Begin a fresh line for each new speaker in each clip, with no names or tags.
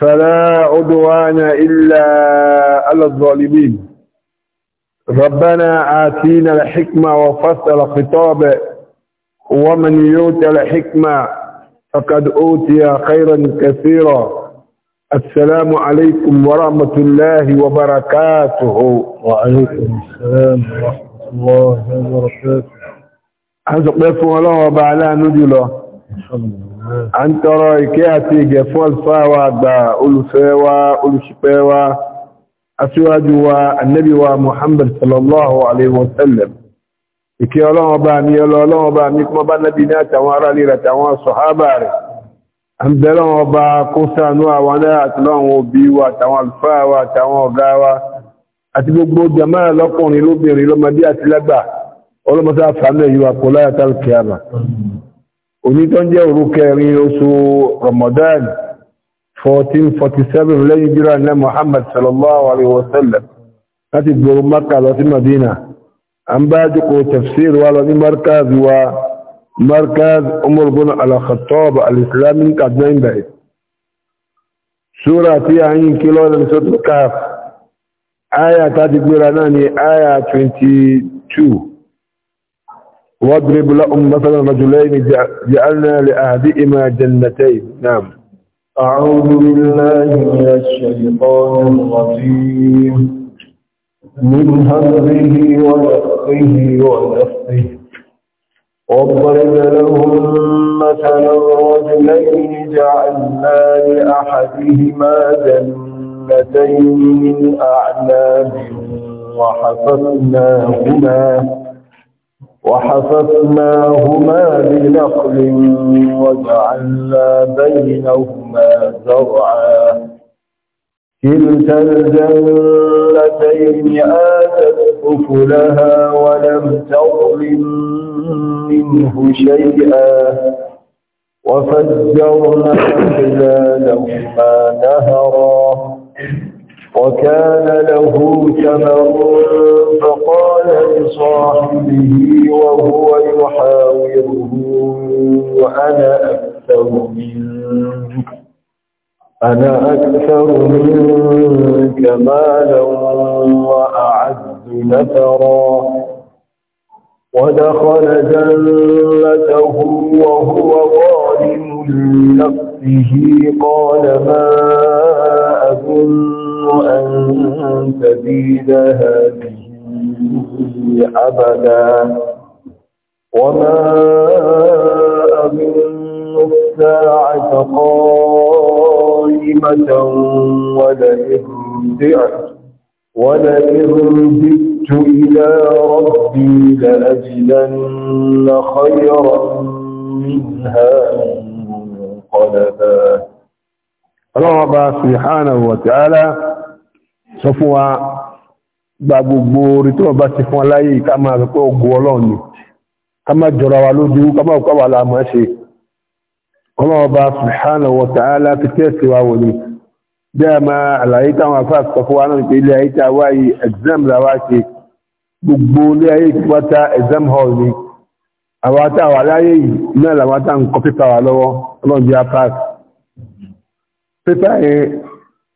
فلا عدوان إلا على الظالمين ربنا آتينا الحكمة وفصل خطابه ومن يؤت الحكمة فقد أوتي خيرا كثيرا السلام عليكم ورحمة الله وبركاته وعليكم السلام ورحمة الله وبركاته عزق بيكم الله وبعلا نجله إن شاء الله a ń tọrọ ìkẹ́ àti ìgẹ̀ fún alfáà wa àgbà olùfẹ́ wa olùṣìpẹ̀ aṣíwájú wa annabi muhammad sallallahu alaihi wasallam ìkẹ́ ọlọ́wọ́ bá mi ọlọ́wọ́ bá mi kúmọ́ bá nábi ní àtàwọn ará lè ràtàwọn sọ̀hábà rẹ̀ an bẹ̀rẹ̀ wọn bá kó sànú àwọn náà àtàwọn òbí wa àtàwọn alfáà wa àtàwọn ọ̀gá wa àti gbogbo jamaà onítọ́njẹ́ òru kẹrin oṣù Ramadan 1447 lẹ́yìn jíra ní Muhammad sallallahu alaihi wasallam láti gbòrò Makka lọ sí Madina an bá jùkọ tafsir wa lọ ní markaz wa markaz Umar bin al-Khattab bai sura tí a yin kí lọ́nà sọ́tọ̀ káf aya ta gbéra náà ni aya 22 واضرب لهم مثلا رجلين جعلنا لأهدئما جنتين نعم أعوذ بالله من الشيطان الرجيم من همزه ونفقه ونفقه واضرب لهم مثلا رجلين جعلنا لأحدهما جنتين من أعناب وحفظناهما وحفظناهما بنقل وجعلنا بينهما زرعا كلتا الجنتين آتت أكلها ولم تظلم منه شيئا وفجرنا خلالهما نهرا وكان له ثمر فقال لصاحبه وهو يحاوره وأنا أكثر منك أنا أكثر منك مالا وأعز نفرا ودخل جنته وهو ظالم لنفسه قال ما أظن أن تبيد هذه أبدا وما أظن الساعة قائمة ولئن بعت ولئن زدت إلى ربي لأجدن خيرا منها منقلبا الله سبحانه وتعالى sọ fún wa gba gbogbo orí tí wọ́n bá ti fún aláyé ká máa rẹ̀ pé ogun ọlọ́run ni ká máa jọra wa lójú ká máa kọ́ wà láàmà ṣe ọlọ́run bá subhanahu wa ta'ala fi tẹ́ẹ̀sì wa wò ni bí a máa àlàyé táwọn afá sọ fún wa náà pé a wáyé exam la wá exam hall ni àwọn atáwà aláyé yìí náà làwọn atá ń kọ pépà wa lọ́wọ́ ọlọ́run bí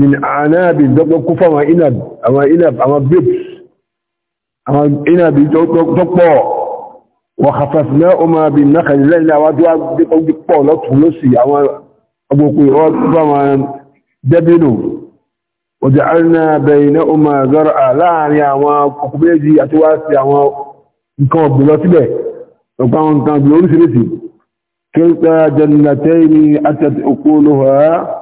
min ànábì dọ́pọ̀ fáwọn inab àwọn inab àwọn babes àwọn inabi dọ́pọ̀ wà kàfàfìná ọmọ bí nákàlì lẹ́yìn àwọn tó wá pọ̀ lọ́tún lọ́sì àwọn agbókù fáwọn dẹ́bìnù ọjà arìnà bẹ̀yìnà ọmọ zọrọ̀ láàrin àwọn kọkùnbẹ́jì àti wá sí àwọn nǹkan ọ̀gbìn lọ síbẹ̀ ọgbọ́n nǹkan ọ̀gbìn oríṣiríṣi kí ń pẹ́ jannatayn ni àtẹ̀tẹ̀ òkú olóhùn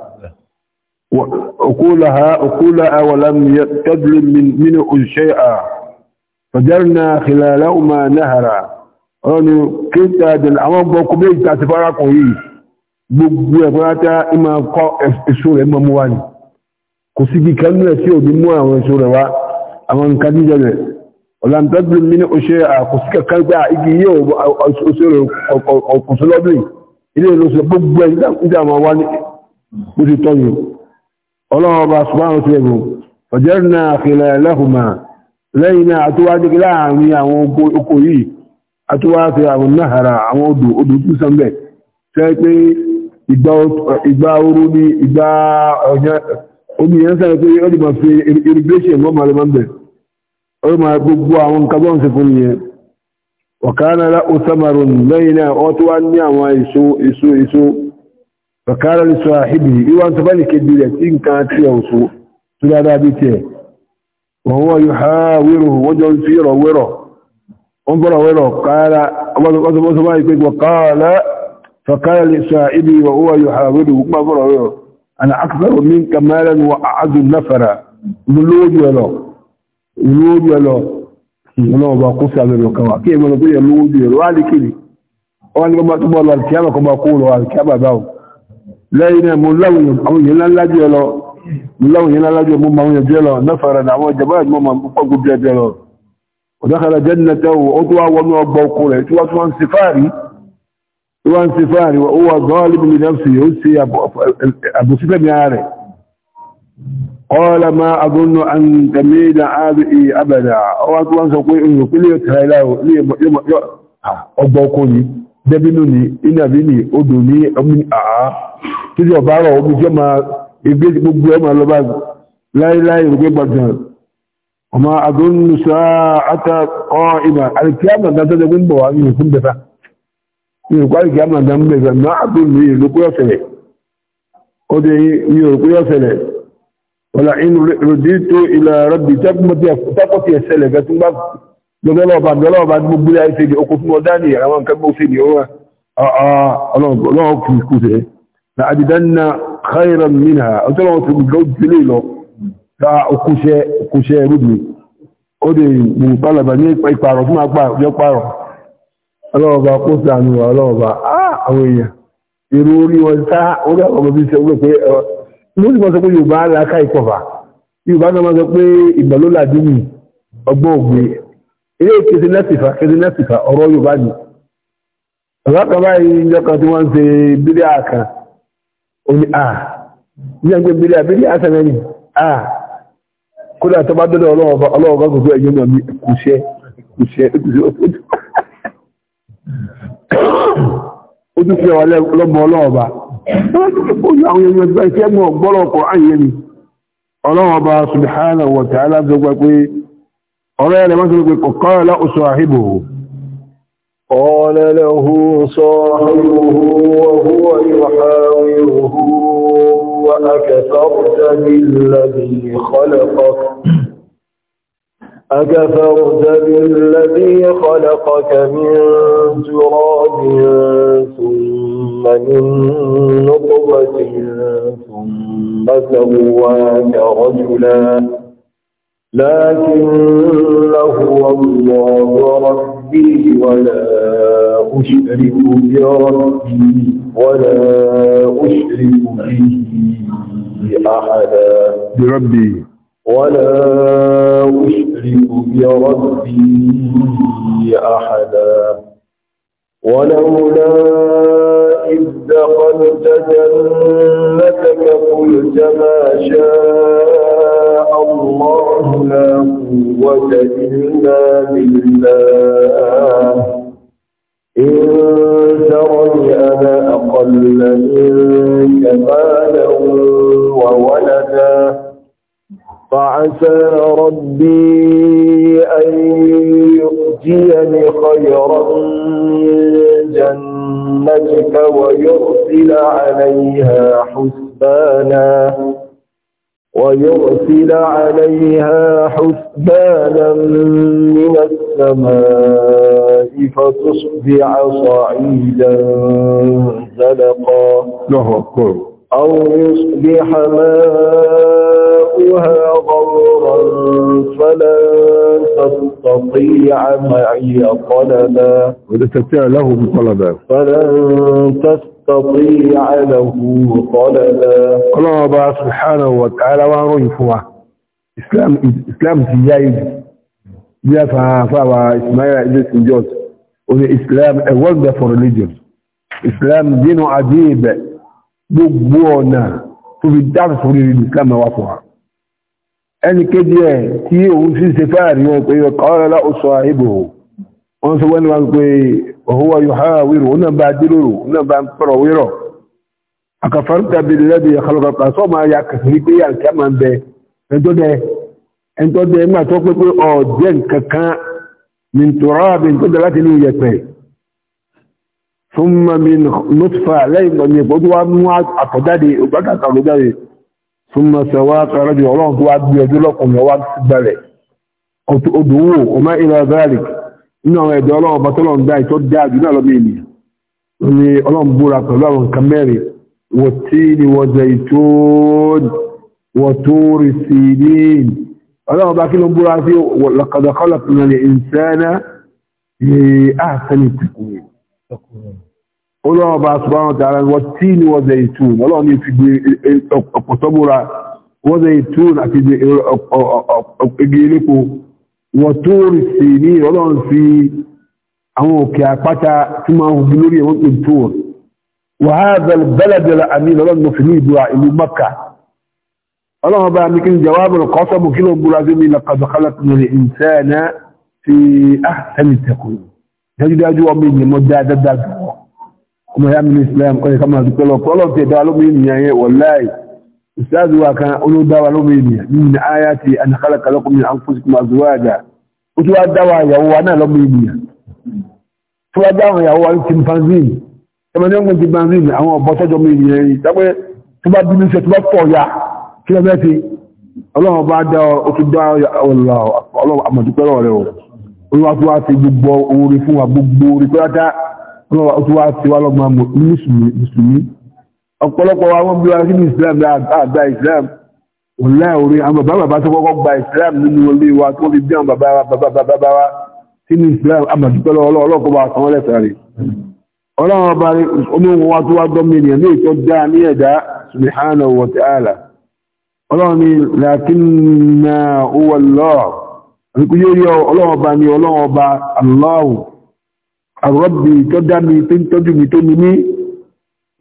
أكولها أكولها ولم تظلم من منه شيئا فجرنا خلالهما نهرا أنا كنت هذا الأمام بقبيل تأسفارا قوي gbogbo ẹ̀fọ́nátá ìmọ̀ kọ́ èso rẹ̀ mọ́ mú wá ní kò sí bí kẹ́mílẹ̀ sí òbí mú àwọn èso rẹ̀ wá àwọn nǹkan jíjẹ rẹ̀ ọ̀làǹtẹ́bìlì mí ní oṣù àkùsí kankan gbá igi yíò oṣù rẹ̀ ọkùnṣọ́lọ́dún ilé ìlú gbogbo ẹ̀ nígbà wọn wá ní bó ti tọ́ yìí ọlọ́ọ̀bá ṣùgbọ́n ti ẹ̀bù ọjọ́rìnà àfihàn lẹ́hùnmá lẹ́yìn náà àtúwádìí láàrin àwọn oko yìí àtúwádìí àwọn náhàrà àwọn odò odò tún sánbẹ̀ tẹ́ pé ìgbà ooru ní ìgbà ọjọ́ omi yẹn sáré pé ó dìbò fi irrigation wọ́n máa lọ máa ń bẹ̀ ó فقال لصاحبه إيوان تبالك الدولة إن كانت يوسو سلالا بيته وهو يحاوره وجه سيره وره انظر وره قال وقال فقال لصاحبه وهو يحاوره ما فر وره أنا أكثر منك مالا وأعز نفرا ملوج وله ملوج وله ولو باقوس على الوكوا كيف ملوج وله وعلي كلي وعلي ما تبالوا الكيامة كما قولوا الكيامة باو lẹ́yìn náà mo láwọn èèyàn ńláńlá jẹ́ lọ mo láwọn jẹ́ lọ náfàrà náà àwọn ìjọba ìgbọ́n máa púpọ̀ lọ jẹ́ nẹ́tẹ́ ó tó wá wọnú rẹ̀ tí wọ́n na dẹ́bínú ni inàbí ni odò ní àá títí ọ̀bá rọ̀ omi jẹ́ ma igbe gbogbo ọmọ lọ́bá láíláí rúgbé gbọ̀gbọ̀n ọmọ agbóhùnsá àtàkọ́ ìmọ̀ alìkíyàmà dá tọ́jọ́ gbogbo wà ní ìfún bẹ̀ta ní ìrùkú alìkíyàmà dá mẹ́fẹ̀ náà àgbóhùn ní ìlúkú ọ̀sẹ̀lẹ̀ ó dé ní ìrùkú ọ̀sẹ̀lẹ̀ wọ́n la inú rẹ̀ dé tó ilẹ̀ lọ́dọ́lọ́ọ̀bá lọ́lọ́ọ̀bá gbogbo ilé ayé oko fún ọdá ní àwọn nǹkan ah, ah, gbogbo ní ọwọ́ ọlọ́ọ̀kùn ìkúsẹ̀ na àdìdánná khairan minha ọjọ́lọ́wọ́ ti gbogbo ìpínlẹ̀ lọ ta okúṣẹ́ rúbi ó dè mú pálàbà ní ìparọ̀ fún apá ọjọ́ parọ̀ ọlọ́ọ̀bá kó sànù ọlọ́ọ̀bá ah, àwọn èèyàn èrò orí wọn sá orí àwọn ọmọ bí ṣe wọ́n pé mo sì mọ́ sọ pé Yorùbá aláka ìkọ̀fà Yorùbá náà mọ́ sọ pé ìgbàlólà dúnmì ọgbọ́n ògbé ilé kìí lẹ́sìfà kìí lẹ́sìfà ọ̀rọ̀ yorùbá ni ọ̀lọ́kọ̀ọ́bá yìí ń jọ tí wọ́n ń ṣe bíríà kan omi a ní ẹgbẹ́ bíríà bíríà sẹ́mẹ́ni a kódà tó bá dọ́dọ̀ ọlọ́ọ̀gá gbogbo ẹ̀yọ́ náà ní kùṣẹ́ kùṣẹ́ ojú fi ọ̀wọ́ lọ́mọ ọlọ́ọ̀bá ojú àwọn èèyàn ìgbà ìfẹ́ mọ̀ gbọ́lọ̀kọ̀ àyẹ̀ni ọlọ́ọ̀bá subhanahu wa ta'ala gbogbo pé ọ̀rẹ́ ẹ̀lẹ́ mọ́sílẹ̀ pé kò kọ́rọ̀ lọ́ oṣù àhíbò اكثرت بالذي خلقك من تراب ثم من نطبة ثم سواك رجلاً لكن هو الله ربي ولا أشرك بربي ولا أشرك به أحدا بربي ولا أشرك بربي أحدا ولولا إذ دخلت جنتك قلت ما شاء الله لا قوة إلا بالله إن ترني أنا أقل منك مالا وولدا فعسى ربي أن يأتيني خيرا من جنتك ويرسل عليها حسبانا ويرسل عليها حسبانا من السماء فتصبح صعيدا زلقا أو يصبح ماؤها غورا فلن تستطيع معي طلبا وإذا تستطيع له طلبا فلن تستطيع له طلبا الله سبحانه وتعالى وأنه فوا إسلام إسلام زياد يا فا اسماعيل ادريس جوز والاسلام إسلام أولد فور religion إسلام دين عجيب بوبونا ọ̀nà tó fi dáàbò sórí ẹni kéde ẹ̀ tí òun sì ṣe fáàrí wọn pé ọ̀kọ́rọ̀ láòsọ ìbò wọ́n sọ wọ́n ni wọ́n pé òhúwà yóò wírò wọ́n náà bá díròrò wọ́n náà bá ń pọ̀rọ̀ wírò àkàfàrúta bèèrè lẹ́bi ìkàlùkàkà lẹ́yìn ìgbà mi ìgbọ́dọ̀ mú àtọ̀jáde ìgbàdàkà lójáde ثم سواك رجل الله قواد بيدلكم يواك سبالي ادعوه وما إلى ذلك إنه يدعو الله بطلهم داي تدعى جنا لبيني يعني الله بورك الله كميري والتين وزيتون وطور سينين الله باكي لهم بورك فيه لقد خلقنا الإنسان في أحسن التكوين olóòwò bá subhanahu wa ta'ala wọ́n tí ni wọ́n zẹ̀yì tún ọlọ́run ní fi gbé ọ̀pọ̀tọ́búra wọ́n zẹ̀yì tún àti igi elépo wọ́n tó rí sí ní ọlọ́run fi àwọn òkè àpáta tí máa ń lórí ẹ̀wọ́n tó tó wọ́n á bẹ̀rẹ̀ bẹ́lẹ̀bẹ̀rẹ̀ àmì ọlọ́run ló fi ní ìbúra ìlú Mẹ́kà ọlọ́run bá mi kí ni jawab al-qasam kí ló búra ọmọ ya mi ní islam kọ́ ni ká máa dúpẹ́ lọ pọ́lọ̀ tẹ̀ dá lómi ènìyàn yẹn wọ̀láì ìsáàdù wa kan olódáwa lómi ènìyàn nínú ní àyà ti ànàkálàkà lọ́kùn ní àǹfọ̀sìkùn àzúwájà ó tún wá dáwà ìyàwó wa náà lómi ènìyàn tó wá dáwà wa ní chimpanzee ẹmọ ní ọgbọ̀n chimpanzee àwọn ọ̀bọ tọ́jọ́ mi ènìyàn yìí dápẹ́ tó bá bínú iṣẹ́ tó bá pọ̀ ya kí lọ bẹ́ẹ̀ ti ọlọ́run bá dá ó tún dá ọlọ́run àmọ̀dúpẹ́ rẹ̀ o olúwa tó wá ti gbogbo oore fún wa gbogbo oore pẹ́lá ọlọ́wà ó tún wá ti wá lọ́gbọ́n mùsùlùmí ọ̀pọ̀lọpọ̀ àwọn bí wá sínú islam àgbà islam ọ̀lá orí àwọn bàbá bàbá tó kọ́kọ́ gba islam nínú olé wa tó fi bí àwọn bàbá bàbá wa sínú islam àmàdúpẹ́lọ ọlọ́ọ̀kọ́ wa sanwó lẹ́sàárì ọlọ́wọ́n bá rí omi wọn wá tó wá gbọ́ mìíràn ní ìtọ́ dá ní ẹ̀dá Allah àrọ́bì tó dá mi tó ń tọ́jú mi tó mi ní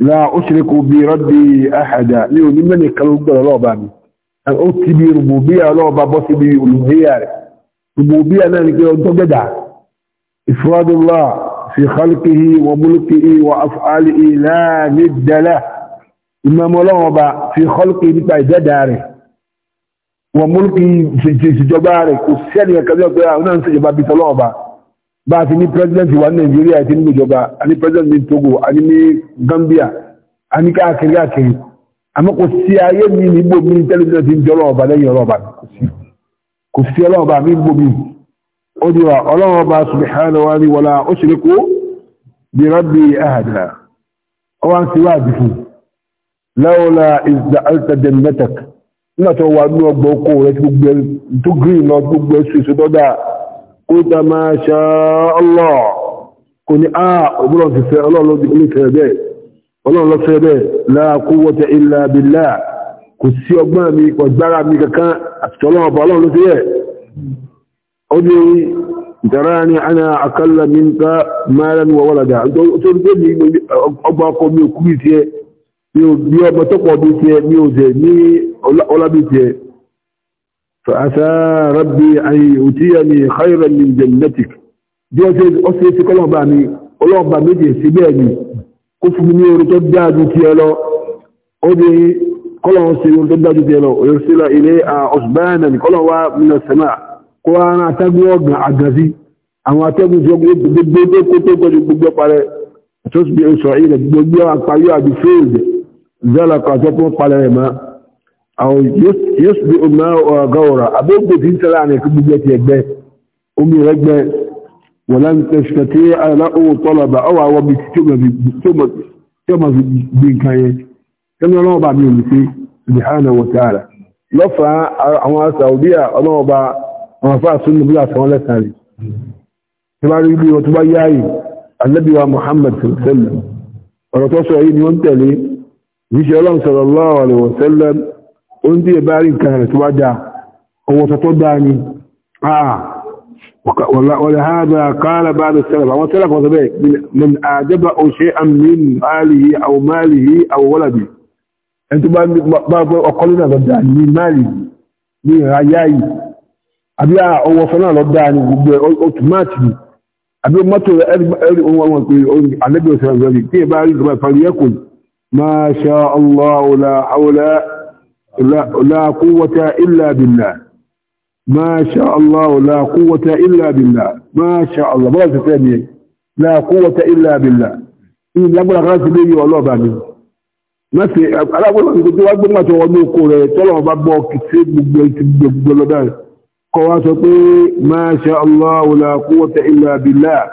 la ó ṣe kò bí rọ́bì àhàdà ní òní mẹ́rin kan gbọ́dọ̀ lọ́ọ̀bá mi ó ti bí rùbùbíà lọ́ọ̀bá bọ́ sí bí olùgbéyà rẹ̀ rùbùbíà náà ni pé ọjọ́ gbẹ̀dà ìfúrádùlá fi khalqihi wa mulkihi wa af'alihi la nidda lah ìmọ̀mọ́ lọ́wọ́ba fi khalqihi nípa ìdẹ́dà rẹ̀ wa mulkihi ìṣèjọba rẹ̀ kò sẹ́ni ẹ̀kẹ́ bí ọ̀gbẹ́ àwọn náà ń ṣèjọba bí tọ́lọ́ọ̀ba bá a ti ní president wa ní Nàìjíríà ti ní ìjọba a ní president ní Togo a ní ní Gambia a ní káàkiri káàkiri àmọ́ kò sí ayé mi ní gbòmí tẹlifíṣàn ti ń jọ ọlọ́ọ̀ba lẹ́yìn ọlọ́ọ̀ba kò sí ọlọ́ọ̀ba mi gbòmí ó di wa ọlọ́ọ̀ba subhanahu wa ni wala ushriku bi rabbi ahada ọwọ́n ti wá àdìfù lawla ìzà alta jannatak nígbà tó wà ní ọgbà oko rẹ tó gbẹ tó green lọ tó gbẹ sùsù tó dáa kódà máa ṣá ọlọ́ kò ní á ọgbọ́n ti fẹ́ ọlọ́run lọ́fẹ́ bẹ́ẹ̀ láàkúwọ́ta ilẹ̀ abìlá kò sí ọgbọ́n mi pọ̀gbára mi kankan àti ọba ọlọ́run ló fi ni wa walada mi فأتى ربي أن يؤتيني خيرا من جنتك bí ó ṣe ọ́sẹ̀ tí kọ́lọ̀bà mi ọlọ́ọ̀bà méjì síbẹ̀ ni kó fún ní orí tó dájú tí ẹ lọ ó dé kọ́lọ̀wọ́ sí orí tó dájú tí ẹ lọ òyìn sílẹ̀ ilé ọ̀sùbáyànà ní kọ́lọ̀wà mílẹ̀ sẹ́mà kó ara atẹ́gùn ọ̀gàn àgàzí àwọn atẹ́gùn tí ó gbogbo kó tó gbọ́jú gbogbo parẹ́ tó sì bí ó sọ ilẹ̀ gbogbo àpáyọ́ àbí fèèdè zálàkọ̀ àtẹ́kùn parẹ́ mọ́ àwọn yẹ́sùdé omi ọgọ́ra abẹ́gbò tí ń tẹ́lá ní ẹ̀kú gbogbo ti ẹgbẹ́ omi ẹgbẹ́ wọ́n láti tẹ́ṣẹ̀ tí aláwọ̀ tọ́lọ̀bà ọwọ́ àwọn bí tí ó ma fi gbé nǹkan yẹn kẹ́mi ọlọ́ọ̀bà mi ò lè fi subhanahu wa ta'ala lọ́fà àwọn Saudiya ọlọ́ọ̀bà àwọn afá sunni bí àtàwọn lẹ́sàrí tí bá rí bí wọn tó bá oun tí ẹ bá rí nǹkan rẹ̀ tó wá dáa owó tọ́tọ́ dáa ni ولهذا قال بعض السلف àwọn sẹ́lẹ̀ kan sọ من أعجبه شيئا من ماله أو ماله أو ولده ẹni tó bá gbọ́ ọkọlẹ́ náà lọ dáa ní máàlì ní ìráyá yìí àbí ọwọ́ ọ̀fẹ́ náà lọ dáa ní gbogbo ọtùmáàtì yìí àbí mọ́tò ẹ̀rí ohun àwọn pé alẹ́bí ọ̀sẹ̀ tí ẹ bá rí ìjọba ìparí máa ṣá ọlọ́ àwòlá لا قوة إلا بالله ما شاء الله لا قوة إلا بالله ما شاء الله بغاية ثانية لا قوة إلا بالله إن لابد غاية بي والله بامي ما في أنا أقول لك أنت أقول ما تقول لك أقول ترى ما بقى كتير بقول لك قوات ما شاء الله لا قوة إلا بالله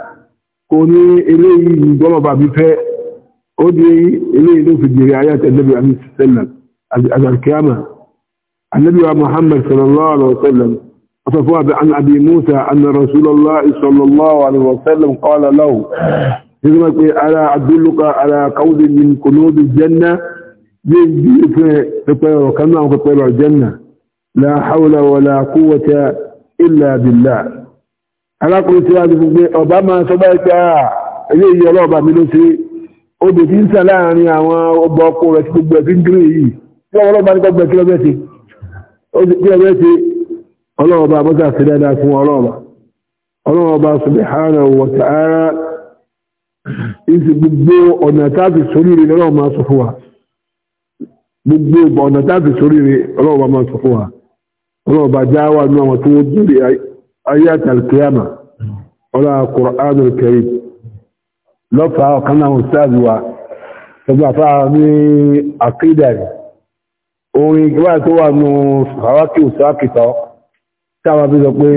كوني إليه ضرب بفاء أدري إليه في الجريعات النبي عليه الصلاة والسلام الكامة النبي محمد صلى الله عليه وسلم وصفوها عن أبي موسى أن رسول الله صلى الله عليه وسلم قال له ألا أدلك على قول من كنوز الجنة تطير كما تطير الجنة لا حول ولا قوة إلا بالله ألا قلت يا أوباما سبعك إليه يا رب من نسي ó bèbí ń sà láàrin àwọn ọgbà ọkọ̀ rẹ̀ tí wọ́n wọ́n bá ní gbọ́gbẹ́ kí lọ́gbẹ́ ti kí lọ́gbẹ́ ti ọlọ́wọ́ bá mọ́ta sí dáadáa fún ọlọ́wọ́ ọlọ́wọ́ bá subhanahu wa ta'ala ìsì gbogbo ọ̀nà táàfi sóríire lọ́wọ́ máa sọ fún wa gbogbo ọ̀nà táàfi sóríire ọlọ́wọ́ bá máa sọ ọ̀kan náà ń sáàbì wa gbogbo ní àkídà rẹ̀ orin ìgbà tó wà nù àwákì òsáàkìtọ́ táwà bí sọ pé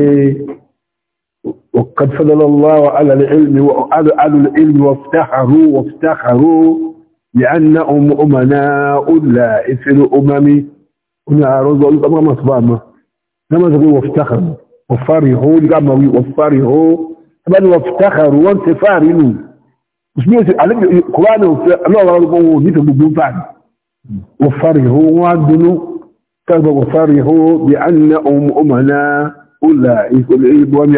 وقد فضل الله على العلم وعلى العلم وافتخروا وافتخروا لأنهم أمناء لا إثر أمم هنا رضا الله ما صبامه لما تقول وافتخروا وفرحوا لما وفرحوا بل وافتخروا وانت فارنوا مش ميسر عليك القرآن الله الله الله نيته بجون فارنوا وفرحوا وعدنوا كذا وفرحوا بأنهم أمنا أولئك العيب ومعبي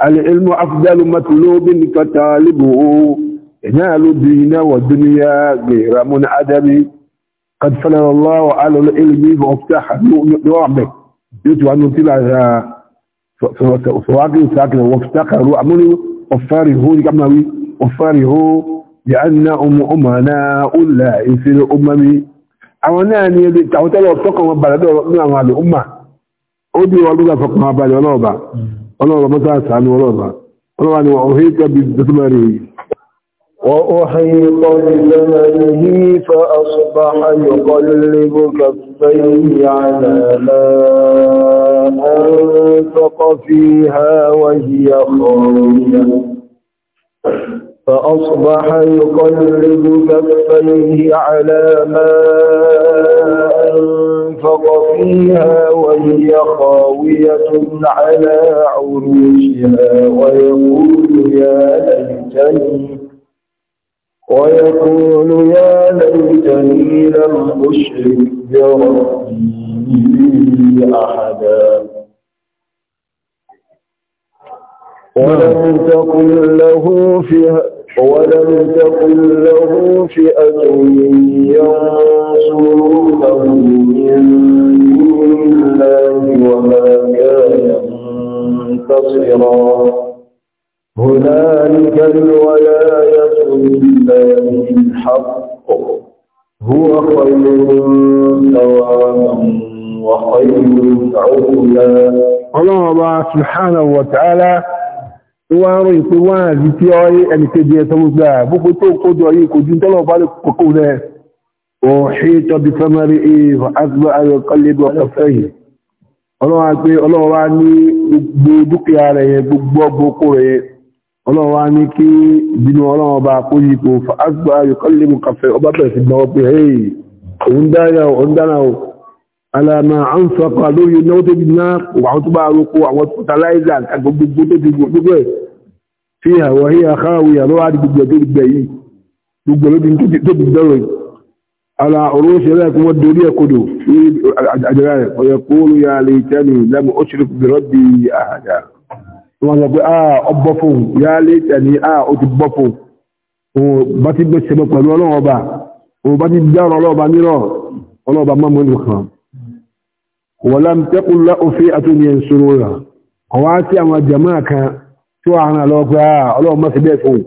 يعني العلم أفضل مطلوب كطالبه ينال الدين والدنيا غير منعدم قد فلل الله على العلم وافتح نعمه يجب أن نطلع سواقي ساكن وافتقروا أمنوا وفارهوا كما وفاره bí a ná ọmọ ọmọ náà ó là ìfẹ́rẹ́ ọmọ mi àwọn náà ní ẹbí tàwọn tẹ́lẹ̀ ọ̀tọ́kàn wọn balẹ̀ ní àwọn àlè ọmọ ó ni وأحيط فأصبح يقلب كفيه على فأصبح يقلب كفيه على ما أنفق فيها وهي خاوية على عروشها ويقول يا ليتني ويقول يا ليتني لم أشرك بربي أحدا ولم نعم. تقل له فيها ولم تقل له فئة ينصرونه من دون الله وما كان منتصرا هنالك الولاية لله الحق هو خير ثوابا وخير عقلا الله سبحانه وتعالى wọ́n ń ròyìn pé wọ́n àrí tí ọ ẹni kéde ẹ̀sọ́ gbogbo à gbogbo tó kójọ yìí kò dín tọ́lọ̀ bá lè kókó rẹ̀ ọ̀hìn tọ́bi fẹ́mẹ́rì ìhò àgbà ayọ̀ kọ́lébù ọ̀fẹ́yìn ọlọ́run á pé ọlọ́run wá ní gbogbo dúkìá rẹ̀ yẹn gbogbo ọgbọ́kó rẹ̀ ọlọ́run wá ní kí ìbínú ọlọ́run ọba kó yí ipò alama anfọkọ lórí náwó tó gbìnà àwọn tó bá roko àwọn fertilizer gbogbo tó ti gbogbo ẹ̀ fi àwọn ẹ̀yà akáwé àlọ́ àdìgbò tó gbẹ̀ yìí gbogbo ló ti tó ti dọ̀rọ̀ yìí ala ọ̀rọ̀ ṣẹlẹ̀ kí wọ́n dorí ẹ̀kodò ní àjẹ́rẹ́ rẹ̀ ọ̀yẹ̀ kóòrò ya lè tẹ́lì lẹ́mù ó ṣírí bẹ̀rọ̀ bí i àjà wọ́n sọ pé àà ọgbọ́ fún ya ولم تقل له فئة ينصرونها قواتي أما جماعك شو عنا لوك الله ما سبيته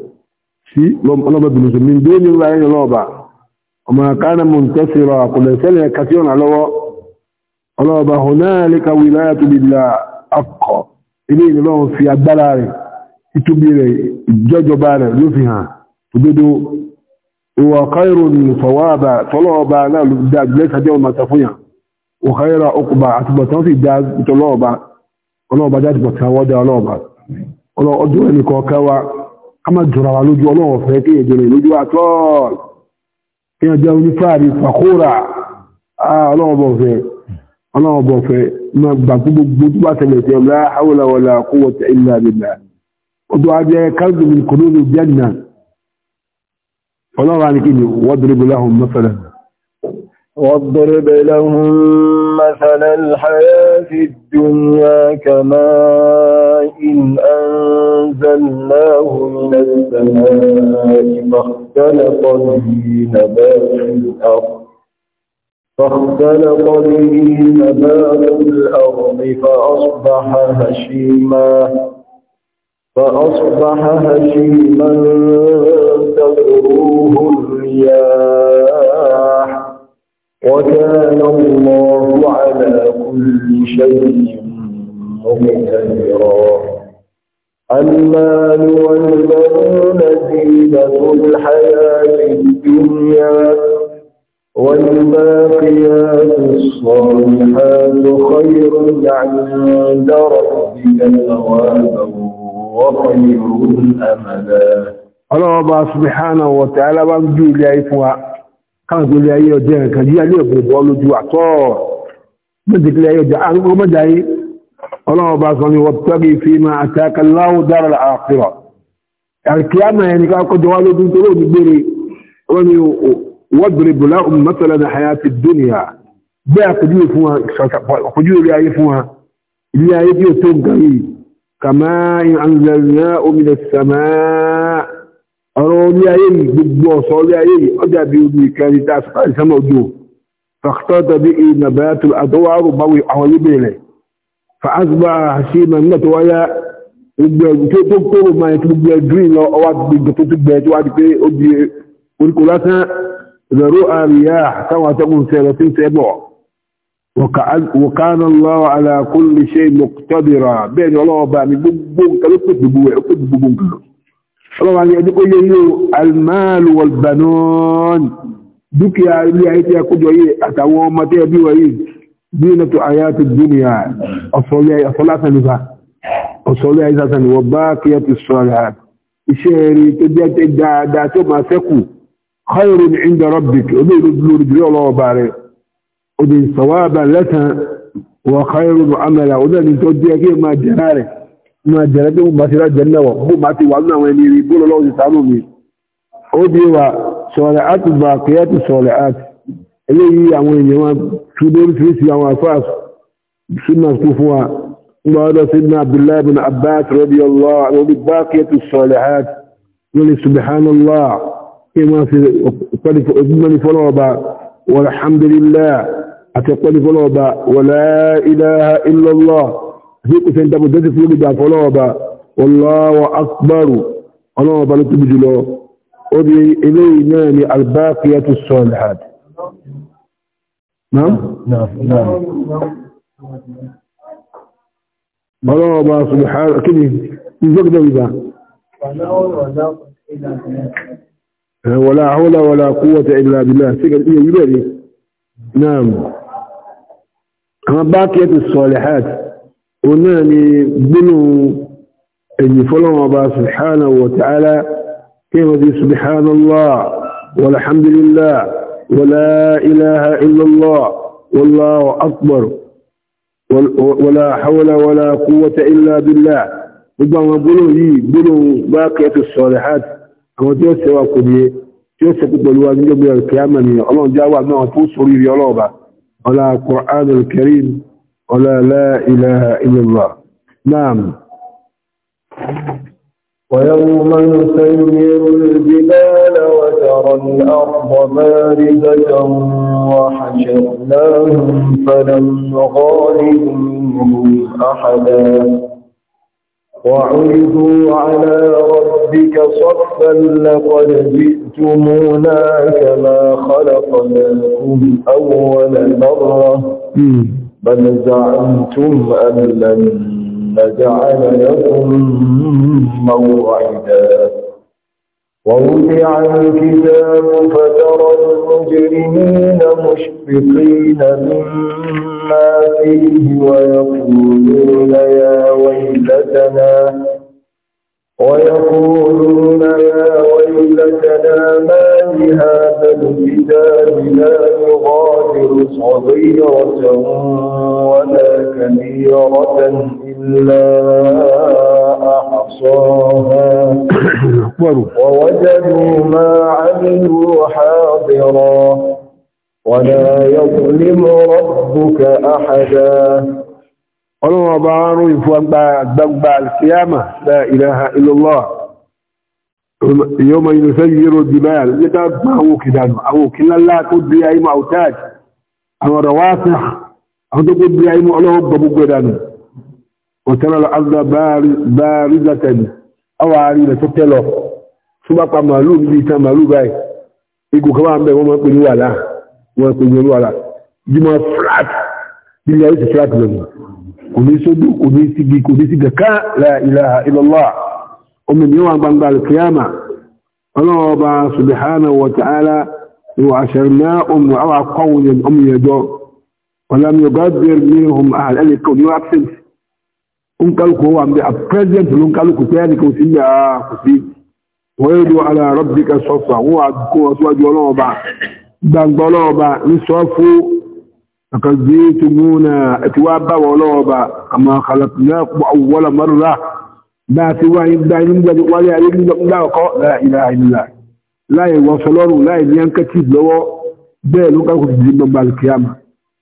شيء الله ما بنزل من دون الله إلا الله وما كان منتصرا قل سنة كثيرا على الله هنالك ولاية لله أقى إليه الله في الدلال يتبير الجوجو بارا يفيها تبدو هو خير صوابا صلوا بانا لدى ليس ديو ما تفويها òhèrà okùnbà àtìbọ̀tán sì dá ìtọ́lọ́ọ̀bá ọlọ́ọ̀bá jáde bọ̀tán wọ́n dá ọlọ́ọ̀bá ọdún ẹnì kọ̀ọ̀kan wa a máa jọra wa lójú ọlọ́wọ̀ fẹ́ kí èdè rẹ̀ lójú àtọ́ èèyàn jẹ́ onífààrí fàkóra ọlọ́ọ̀bọ̀fẹ́ ọlọ́ọ̀bọ̀fẹ́ gbà gbogbo tó bá tẹ̀lé sí ọ̀la hawla wala quwwata illa billah ọdún ajẹ́ kalbi min qulubi janna ọlọ́wọ̀ á ní kí ni wadrib lahum واضرب لهم مثل الحياة الدنيا كماء إن أنزلناه من السماء فاختلط به نبات الأرض فاختلط به نبات الأرض فأصبح هشيما فأصبح هشيما تدروه الرياح وكان الله على كل شيء مقتدرا المال والبنون زينة الحياة الدنيا والباقيات الصالحات خير عند ربك ثوابا وخير أملا الله سبحانه وتعالى بابجو إليه káwọn ìgbélé ayé ọjọ́ nǹkan yí ayé òbòbò lójú àtọ́ mẹ́tẹ̀kẹ́lẹ́ ayé ọjọ́ àwọn ọmọdé ayé ọlọ́run bá sọ ní wọ́pẹ́rì fi máa àtàkàláwò dára àkìrọ̀ àkìyàmà ẹni kákọjọ wá lójú tó lóòní gbére wọ́n ni wọ́bìnrin bùlá mọ́tàlá ní àyà ti dúnìyà gbé àpèjúwe fún wa àpèjúwe rí ayé fún wa ilé ayé tí ó tó nǹkan yìí kàmáà ń anzalna omi lè sàmáà ọ̀rọ̀ orí ayé yìí gbogbo ọ̀sọ̀ orí ayé yìí ọjà bí omi ìkẹrin tá a sọ láti sẹ́mọ̀ ojú fàkítọ́ tàbí ìrìnà bẹ̀rẹ̀ tó àtọwárò báwí àwọn yìí bẹ̀rẹ̀ fàásùbà àṣì ìmọ̀ nígbà tó wáyá gbogbo ẹ̀gbù tó tó kó máa yẹ gbogbo ẹ̀dúrì lọ ọwá gbogbo tó tó gbẹ tó wá di pé ó di gbogbo nǹkan ọlọ́run àti ẹdí kó yé yóò almalu walbanon dúkìá ilé ayé tí a kójọ yìí àtàwọn ọmọ tí a bí wọ̀nyí bí i nàtò àyà ti dúnìyà ọ̀sọ̀lásán nípa ọ̀sọ̀lẹ́ ayé sásán ni wọ́n bá kí ẹ ti sọ̀rọ̀ iṣẹ́ rí tó jẹ́ tẹ́ dáadáa tó máa sẹ́kù kọ́yọ̀rọ̀ ní ìjọ rọ́bìk lórí jùlọ ọlọ́ọ̀bà rẹ̀ ma jẹ́rẹ́ bí ma ti rájẹ lẹ́wọ̀ bó ma ti wà ní àwọn ẹni rí bó lọ́wọ́ ti sàánù mi ó bí wa sọ̀rẹ̀ àti bà kìíyà ti sọ̀rẹ̀ àti eléyìí àwọn èèyàn wọn tún lórí fi sí àwọn àfáà súnmà tó fún wa nígbà ọdọ sí ibn abdullahi ibn fi kò sẹ́ni dábò dẹ́sẹ̀ fún olùgbà fọlọ́ọ̀bà wallahu akbaru ọlọ́ọ̀bà ló tóbi jùlọ ó di eléyìí náà ni albaqiyatu salihat ọlọ́ọ̀bà subhanahu kíni ìjọ́gbẹ̀ ìgbà wala hawla wala quwwata illa billah síkà ìyẹ̀ yìí bẹ̀rẹ̀ náà àwọn baqiyatu salihat وناني بنو أن فلان أبا سبحانه وتعالى كما دي سبحان الله والحمد لله ولا إله إلا الله والله أكبر ولا حول ولا قوة إلا بالله ربما بنو لي بنو باقية الصالحات أما جوسي وقدي جوسي قد الوان جبل القيامة الله جاوة ما توصري لي ولا قرآن الكريم ولا لا إله إلا الله نعم ويوم نسير الجبال وترى الأرض بارزة وحشرناهم فلم نغالب منهم أحدا وعرضوا على ربك صفا لقد جئتمونا كما خلقناكم أول مرة بل زعمتم أن لن نجعل لكم موعدا ووضع الكتاب فترى المجرمين مشفقين مما فيه ويقولون يا ويلتنا ويقولون يا ويلتنا ما لهذا الكتاب لا يغادر صغيرة ولا كبيرة إلا أحصاها ووجدوا ما عملوا حاضرا ولا يظلم ربك أحدا ọlọ́run ọba arún ìfúngbàgbà alkiyama la ilaha illallah yóò ma yìí fẹ́ yìí ròdì báyà ní ká gbá àwọn òkè dànù àwọn òkè ńlá tó bí ayé mọ àwùtáàj àwọn ọ̀rọ̀ wá sí àwọn tó bí ayé mọ ọlọ́run gbọ́ gbogbo dànù òtẹ́rọ àgbà báárí látẹ̀lì àwọn àárín kò ní sódò kò ní sígi kò ní sígà ká la ilaha illallah omi ni wọn gbangba alkiyama ọlọ́ọba subhanahu wa ta'ala ìwà àṣẹ̀rìnà ọmọ àwọn akọ́wòyàn ọmọ ìyẹjọ́ ọlọ́mọ yóò bẹ̀rẹ̀ ní ohun àhàlẹ́ kò ní absent فقزيتمونا اتوابا ولوبا كما خلقناكم أول مرة ما سوى إبدا ينجد ولا ينجد لا إله إلا الله لا يوصلون لا ينكتب لو بل وقفت جنب القيامة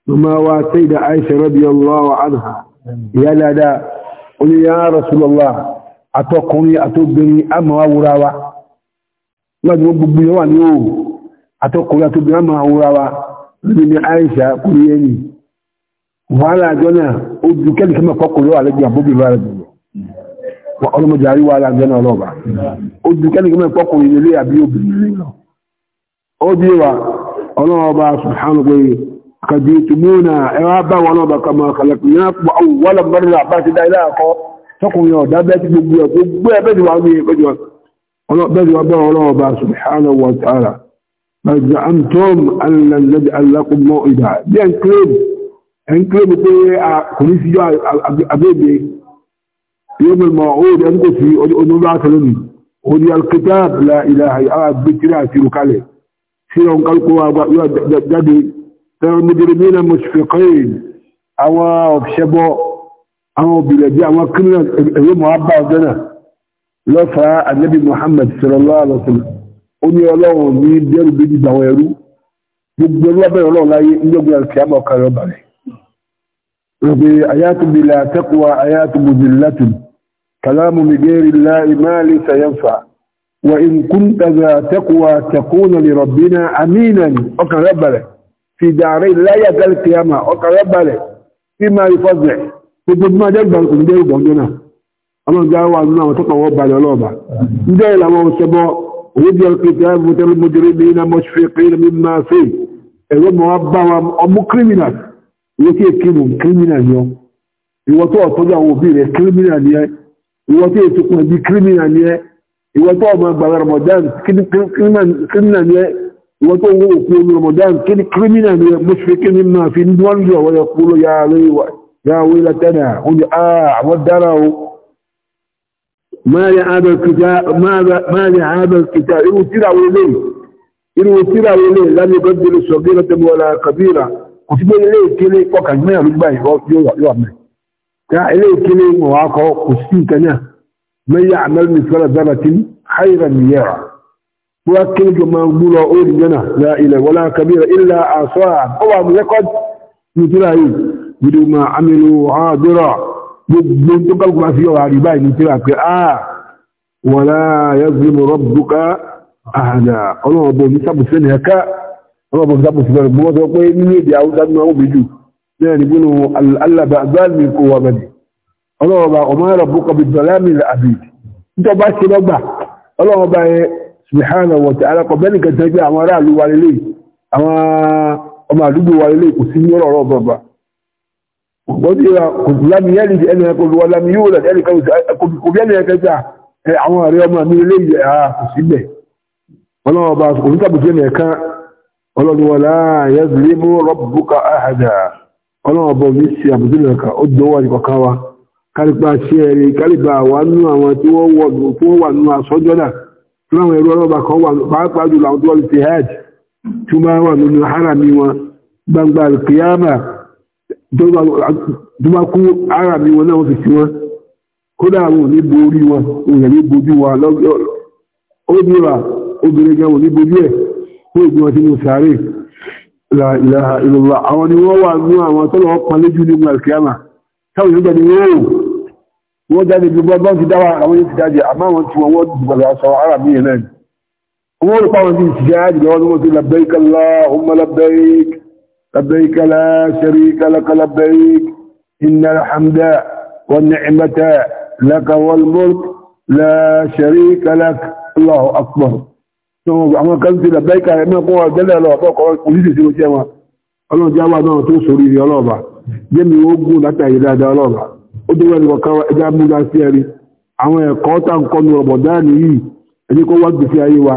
وما واتينا عائشة رضي الله عنها يا لا لا قل يا رسول الله أتوقني أتوبني أما وراوا ما جنب بيوان يو أتوقني أتوبني أما وراوا níbi ni Aisha kú yé ni wàhálà àjọ náà ó ju kẹ́lì kí mọ̀kọ́ kò ló àlejò àbóbi lọ́wọ́ àlejò lọ ọlọ́mọdé àrí wàhálà àjọ náà lọ́ba ó ju kẹ́lì kí mọ̀kọ́ kò ilé àbí obìnrin lọ ó bí wa ọlọ́ọba subhanahu wa kàbí tùmúnà ẹwà bá wọn ọba kàmà kàlẹ́kù ní àpò àwòwọ́lọ̀ mọ́rìnlá bá ti dá ilé àkọ́ tọkùnrin ọ̀dá bẹ́ẹ̀ ti gbogbo ẹ̀ ما زعمتم أن نجعل لكم موئدا دي انكليم انكليم تي كوليس جو أبيبي يوم الموعود أنكو في أدولا سلمي ودي الكتاب لا إله إلا بكرا سيرك عليه سيرهم قلقوا دادي آه، ترى المجرمين مشفقين أو بشبو أو بلدي أو كلنا يوم عبا لنا لفا النبي محمد صلى الله عليه وسلم ó ní ọlọ́run ní bẹ́rù bí gbígbà àwọn ẹrú gbogbo ẹrú abẹ́rẹ̀ ọlọ́run láyé ní ọgbẹ́ àti àmọ́ ọkàrẹ́ ọba rẹ̀ rẹ̀ ayátùbìlà taqwa ayátùbùbìlátù kàlámù mìgẹ́rì láì máa lè sàyẹ́fà wà in kunta za taqwa takuna li rabbina aminan ọkàrẹ́ ọba rẹ̀ fi dàrẹ́ láyé àtàlẹ́ kìyàmà ọkàrẹ́ ọba rẹ̀ fi máa rí fọ́sẹ̀ gbogbo bí máa dẹ́gbà kò àwọn tọ́kọ̀ wọ́n balẹ̀ ọlọ́ọ̀bà ń dẹ́rù làwọn ọ̀sẹ̀ ويجي القتال المجرمين مشفقين مما فيه ẹ̀rọ mọ̀ wá bá wa ọmú criminal ìwọ tí èkìrù criminal ni ọ ìwọ tó ọ̀tọ́jú àwọn òbí rẹ̀ criminal ni ẹ ìwọ tí ètùkùn ẹ̀bí criminal ni ẹ ìwọ tó ọmọ àgbà Ramadan criminal ni ẹ ìwọ tó owó òkú omi Ramadan criminal ni ẹ mo fi kí ni máa fi ní wọ́n lù ọ̀wọ́ yẹ kúrò yàrá ìwà yàrá ìwà tẹ́lẹ̀ àwọn ọ̀dọ́ àwọn dára o. ما لهذا الكتاب ما لهذا الكتاب إنه ترى وليه إنه ترى وليه لم يبدل صغيرة ولا كبيرة وتبين إليه كلي فوق ما يبقى يوم تا إليه كلي مواقع وسين كنا من يعمل مثقال ذرة خيرا يرى وكل جماعة مولى أول جنا لا إله ولا كبيرة إلا أصاب أو يقد مثله بدون ما عملوا عابرا gbogbo tó kálukú bá fi ọ̀rọ̀ àríbá ìní tí wà pé ah wala yazlimu rabbuka ahada ọlọ́run bò ní sábùsí ẹni ẹ̀ka ọlọ́run bò ní sábùsí ẹni bó wọ́n sọ pé nínú èdè haúsá nínú àwọn òbíjú náà ní gbónú alábà gbáàmì kò wà bẹ̀rẹ̀ ọlọ́run bá ọmọ ẹ̀rọ bùkọ̀ bí dọ̀lámì àbìd bọ́dí ra kòtù lámi yẹ́lì ẹni ẹ̀kọ́ lọ́wọ́ lámi yóò rẹ̀ ẹni kò bí ẹni ẹ̀kẹ́ jà ẹ àwọn ọ̀rẹ́ ọmọ mi lè yẹ ara ah, kò síbẹ̀ ọlọ́wọ́ bá kò ní tàbùtì ẹni ẹ̀ka ọlọ́wọ́ láàyè zùlé mú rọ́bùkà àhàdà ọlọ́wọ́ bọ̀ ní sí àbùtì ẹni ẹ̀ka ó dọ́wọ́ ní kọ̀ọ̀kan wa kálípa sí ẹ̀rí kálípa wà nú àwọn tí wọ́n wà nú asọ́jọ́ náà tí wọ́n wà nínú dọ́gba kú ara mi wọn náà wọ́n fi sí wọn kódà àwọn òní borí wọn òyìn ní bojú wa lọ́gbọ́n obìnrin gan òní bojú ẹ̀ fún ìgbìmọ̀ sínú sàárè la ilaha illallah àwọn ni wọ́n wà ní àwọn tọ́lọ̀ ọpọ̀ lójú ní alkiyama táwọn yóò jáde wọ́n wọ́n jáde bí bọ́ bọ́n ti dáwà àwọn yóò ti jáde àmọ́ tí wọ́n gbàgbà sọ لبيك لا شريك لك لبيك إن الحمد والنعمة لك والملك لا شريك لك الله أكبر ثم أما كنت لبيك أما قوة جل الله أبقى قلت سيما سيما الله جاوة ما توصري يا الله جمي وقو لك إذا دا الله أدوى الوكاوة إذا أبو سيري àwọn ẹ̀kọ́ tá ń kọnu rọ̀bọ̀dáàni yìí ẹni kó wá gbèsè ayé wa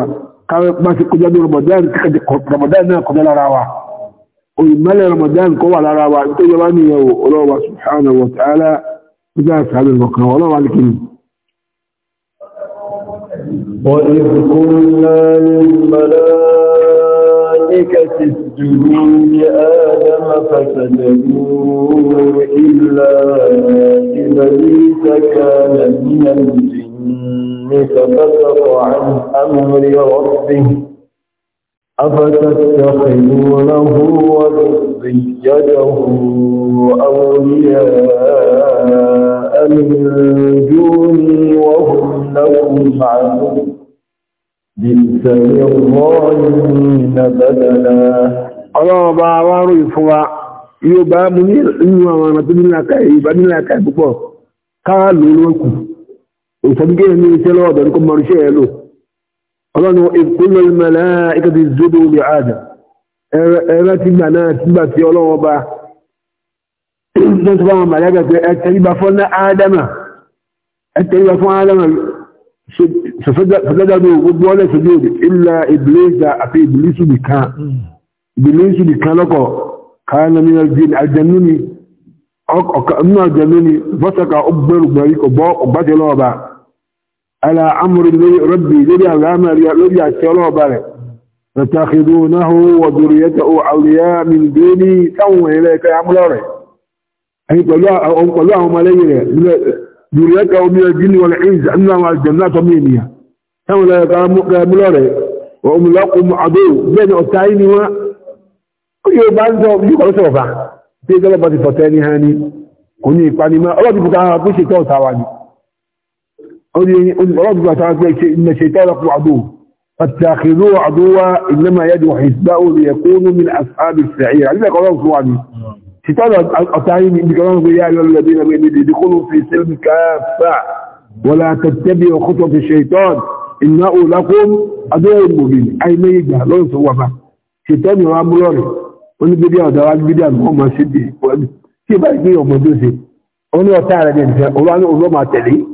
ká má ṣe kọjá ní rọ̀bọ̀dáàni kíkàjẹ́ rọ̀bọ̀dáàni náà kọjá lára wa ويمال رمضان قوة على رابع انت يباني الله سبحانه وتعالى بدا هذا الوقت والله عليكم وإذ قلنا للملائكة اسجدوا لآدم فسجدوا إلا إبليس كان من الجن ففسق عن أمر ربه أفتتخذونه وذريته أولياء من دوني وهم لهم عدو بئس للظالمين بدلا ọlọ́run bá wá rú ìfún wa yóò bá mú nínú àwọn ọ̀nà tó nílàkà ìbá púpọ̀ káà lò lókù ìsọ̀bígẹ́ ní iṣẹ́ lọ́wọ́ bẹ̀rẹ̀ kó mọ̀rúṣẹ́ ẹ̀ lò ọlọ́run ìkúlọ̀ ìmọ̀lá ìkàtí ìjọdọ̀ olè àjà ẹ̀rẹ́ ti gbà náà ti gbà tí ọlọ́run ọba tó tó bá wọn màlága pé ẹ̀tẹ̀ríba fún ádámà ẹ̀tẹ̀ríba fún ádámà sọ̀sọ́dọ̀ gbogbo ọlẹ́ sọ́dọ̀ òdì ilẹ̀ ìbìlẹ́sà àti ìbìlẹ́sù nìkan ìbìlẹ́sù nìkan lọ́kọ̀ على عمر ربي لدي الأمر لدي السلام بارك فتاخذونه وذريته أولياء من دوني سووا إليك يا عمر أي قلوا أم قلوا هم لي ذريته من الجن والعيز أنما الجنات مينيا سووا لك يا عمر وهم لكم عدو بين أتاين و يبان سوف يقول سوفا في قلبة فتاني هاني كوني قاني ما الله بكاها كل شيء توسع واني قل ربك تعالى إن شيطانك عدو فاتخذوه عدوا إنما يدعو حزبه ليكونوا من أصحاب السعير عندنا قرار سواني شيطان الأطعيم بكلام يا أيها الذين يدخلوا في سلم كافة ولا تتبعوا خطوة الشيطان إنه لكم عدو مبين أي ما يجهل لو سوى شيطان يرام لوري ونبدي هذا ونبدي هذا هم سيدي كيف يجي يوم دوسي ونوتعلم أولا أولا ما تليه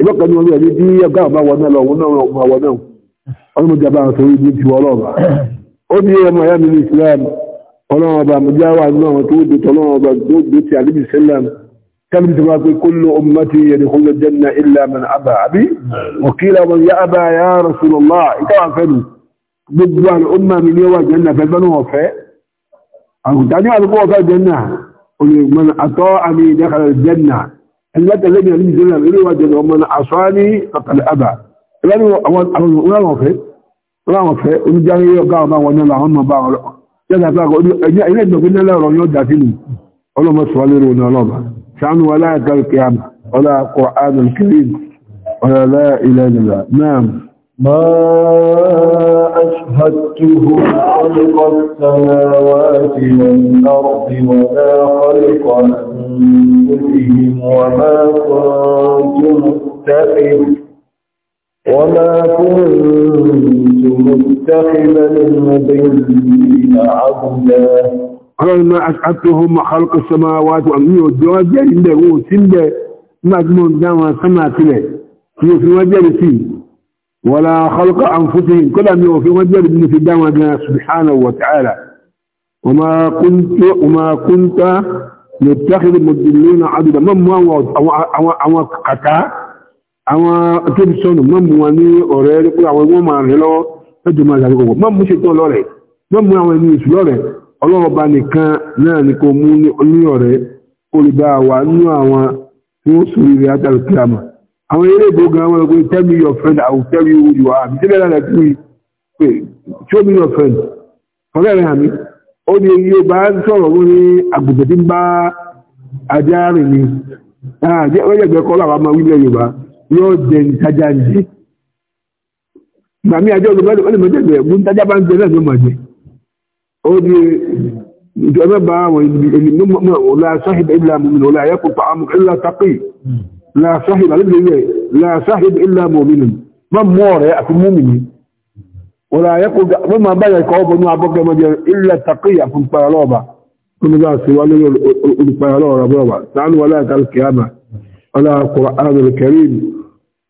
ìbọ́kàn ní orí ẹ̀mí bí ọgá ọba wọná lọ wọná ọmọ wọná ọlọ́mọdé bá wọn torí ibi ti wọ ọlọ́ọ̀bà ó ní ọmọ ìyá mi ní Islam ọlọ́run ọba àmújá wà ní àwọn tó dé tọ́lọ́run ọba tó dé ti àlébì sẹ́lẹ̀m kẹ́lẹ́bí ti wá pé kullu ummati yadkhulu janna illa man aba àbí ọ̀kílà wọn yá aba ya Rasulullah ìtawà fẹ́nu gbogbo àwọn ọmọ mi ní wà janna fẹ́ bẹ́nu ọ̀fẹ́ àgùntà ní àlùkò ọ̀fẹ́ janna olùmọ̀ àtọ́ àmì dakhala janna الذي الذي يلي زمان يلي وجد ومن عصاني فقد أبى لأنه ولا وفي ولا وفي ونجاني يقع ما وانا لا هم با يلا باقو إلى إلى قلنا لا رأي داتين ولا ما سوالير ولا لا شان ولا كالقيامة ولا قرآن الكريم ولا لا إله إلا الله نعم ما أشهدته خلق السماوات والأرض ولا خلق أنفسهم وما كنت متخذ وما كنت متخذ المضلين عبدا قال ما أشهدتهم خلق السماوات والأرض والجواب جاء عنده وسنده ما أدنون دعوة سماء سنة وجه ولا خلق أنفسهم كل من وفي وجل من في دامنا سبحانه وتعالى وما كنت وما كنت متخذ المضلين عبدا من ما أو أو كتا أو تبسون من واني أوريل كل أو ما هلو تجمع ذلك ما مشيتون لوري ما ما واني الله بني كان ناني كوموني أني أوري كل باوا نوا وسوري هذا الكلام àwọn eré ìgbógun àwọn ẹgbẹ́ tell me your friend I will tell you who you are àbí tẹ́lẹ̀ rẹ̀ kí pé show me your friend fọ́nrẹ́ rẹ̀ àmì ó ní iye bá ń sọ̀rọ̀ wọn ní àgbègbè tí ń bá ajá rìn ni ọjọ́gbẹ́ kọ́ làwọn ọmọ wílẹ̀ Yorùbá yóò jẹ ìtajà ń jẹ màmí ajá olùmọ́lẹ̀ olùmọ́jẹ̀gbẹ̀ mú tájá bá ń jẹ náà ló mọ̀ jẹ ó ní ìjọba bá àwọn ènìyàn mọ̀ ọ̀la sọ́hìbẹ̀ ìlà mọ̀mìnà ọ̀la ayẹ́kùn pàmò ìlà لا صاحب لا صاحب إلا مؤمن ما مور يأكل مؤمن ولا يقول مما بدا يقوم بنو عبد إلا تقي أكون فيلوبا كل ذا سوى الفيلوبا ربوبا تعال ولا كالكيامة ولا القرآن الكريم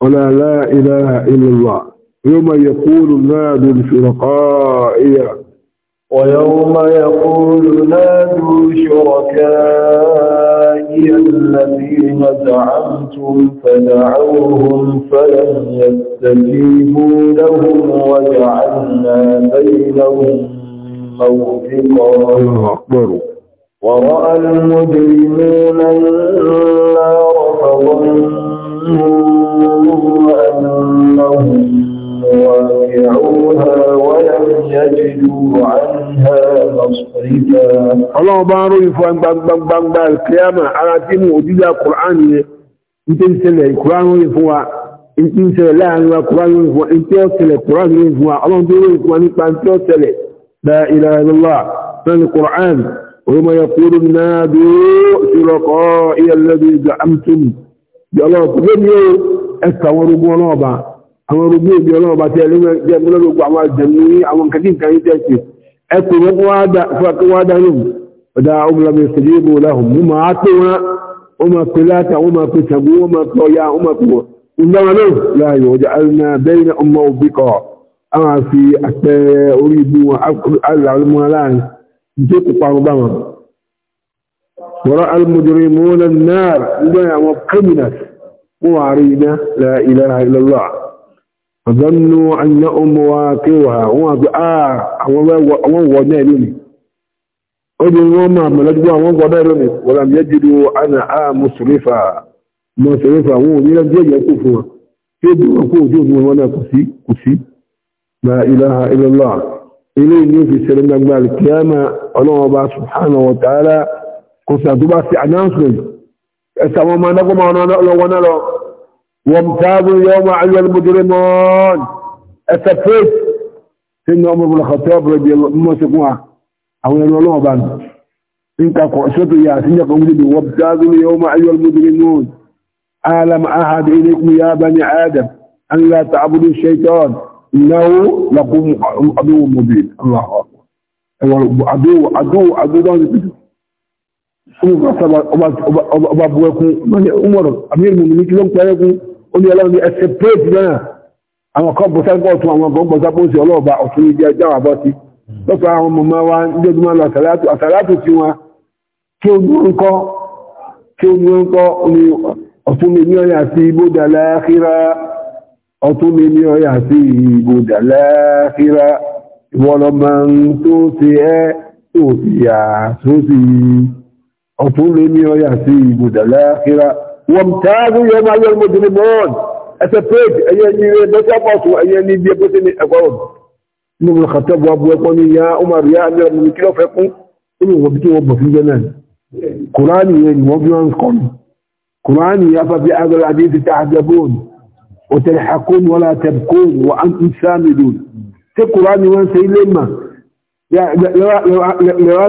ولا لا إله إلا الله يوم يقول الناد شرقائي ويوم يقول نادوا شركائي أولئك الذين زعمتم فدعوهم فلم يستجيبوا لهم وجعلنا بينهم موبقا ورأى المجرمون النار فظنوا أنهم Ọlọ́run bá ń ròyìn fún gbangbangba ìkìyàmà ara tí mú òjúdá Kùrán ni ní tí ń tẹ́lẹ̀ Kùrán ròyìn fún wa, in tí ń tẹ́lẹ̀ láàrin wa Kùrán ròyìn fún wa, in tí ó tẹ́lẹ̀ Kùrán ròyìn fún wa, ọlọ́run ròyìn fún wa nípa tí ó tẹ́lẹ̀ la ilaha àwọn orúgbó ìbí ọlọ́run bá ti ẹ̀rí jẹ́ múlọ́lọ́gbọ̀ àwọn àjẹ̀mú ní àwọn nǹkan tí nǹkan yìí jẹ́ sí ẹkùn wọn kí wọ́n dá lóhùn ọ̀dà ọmọlọ́mọ ìṣẹ̀lẹ̀ ìbò láhùn mú máa pé wọn ó máa pè láta ó máa pè tàbí ó máa pè ọya ó máa pè wọn ìgbàwọn náà láàyò ọjà alìnà bẹ́ẹ̀ ní ọmọ òbí kọ àwọn فظنوا أنهم مواقعها وما بآه وما لي أجل وما ملجوا وما لي ولم يجدوا أنا آه مصرفا مصرفا وما لم يجد كفوا يدوا كفوا جوه وانا كسي كسي لا إله إلا الله إليه في سلم أجمال القيامة الله سبحانه وتعالى قصة دباسي عناصر أسا وما نقوم وانا لو وانا لو وامتازوا اليوم ايها المجرمون اتفيت سيدنا عمر بن الخطاب رضي الله عنه سكوا او يقولوا بان ان كان صوت يا سيدنا قوم وامتازوا اليوم ايها المجرمون الم احد اليكم يا بني ادم ان لا تعبدوا الشيطان انه لكم عدو مبين الله اكبر عدو عدو عدو, عدو, عدو, عدو, عدو, عدو, عدو, عدو ọba bu ẹkún Umar amir mumini kí ló ń pẹ́ ẹkún ó ní ọlọ́run ní ẹsẹ̀ péètì wa ń jẹ́ ọdún lọ àtàlátò tí wọn kí o dúró ń kọ́ kí o dúró ń kọ́ ní ọ̀tún mi ní ọ̀yà sí ibodà láàkírá ọ̀tún mi tó ti ẹ́ tó ti yà tó ti yìí أطولني ويأتي قد الآخرة وامتازوا يوم أيها المجرمون أتفيت أياني بسبطوا أياني بيبسني أقول من الخطاب وابو يقول يا عمر يا أمير الممكن فيقول إنه وبكي وب في الجنان قرآني يعني وبيان قل قرآني يا فبي هذا الحديث تعجبون وتلحقون ولا تبكون وأنتم سامدون في قرآني وين سيلمة يا يا يا يا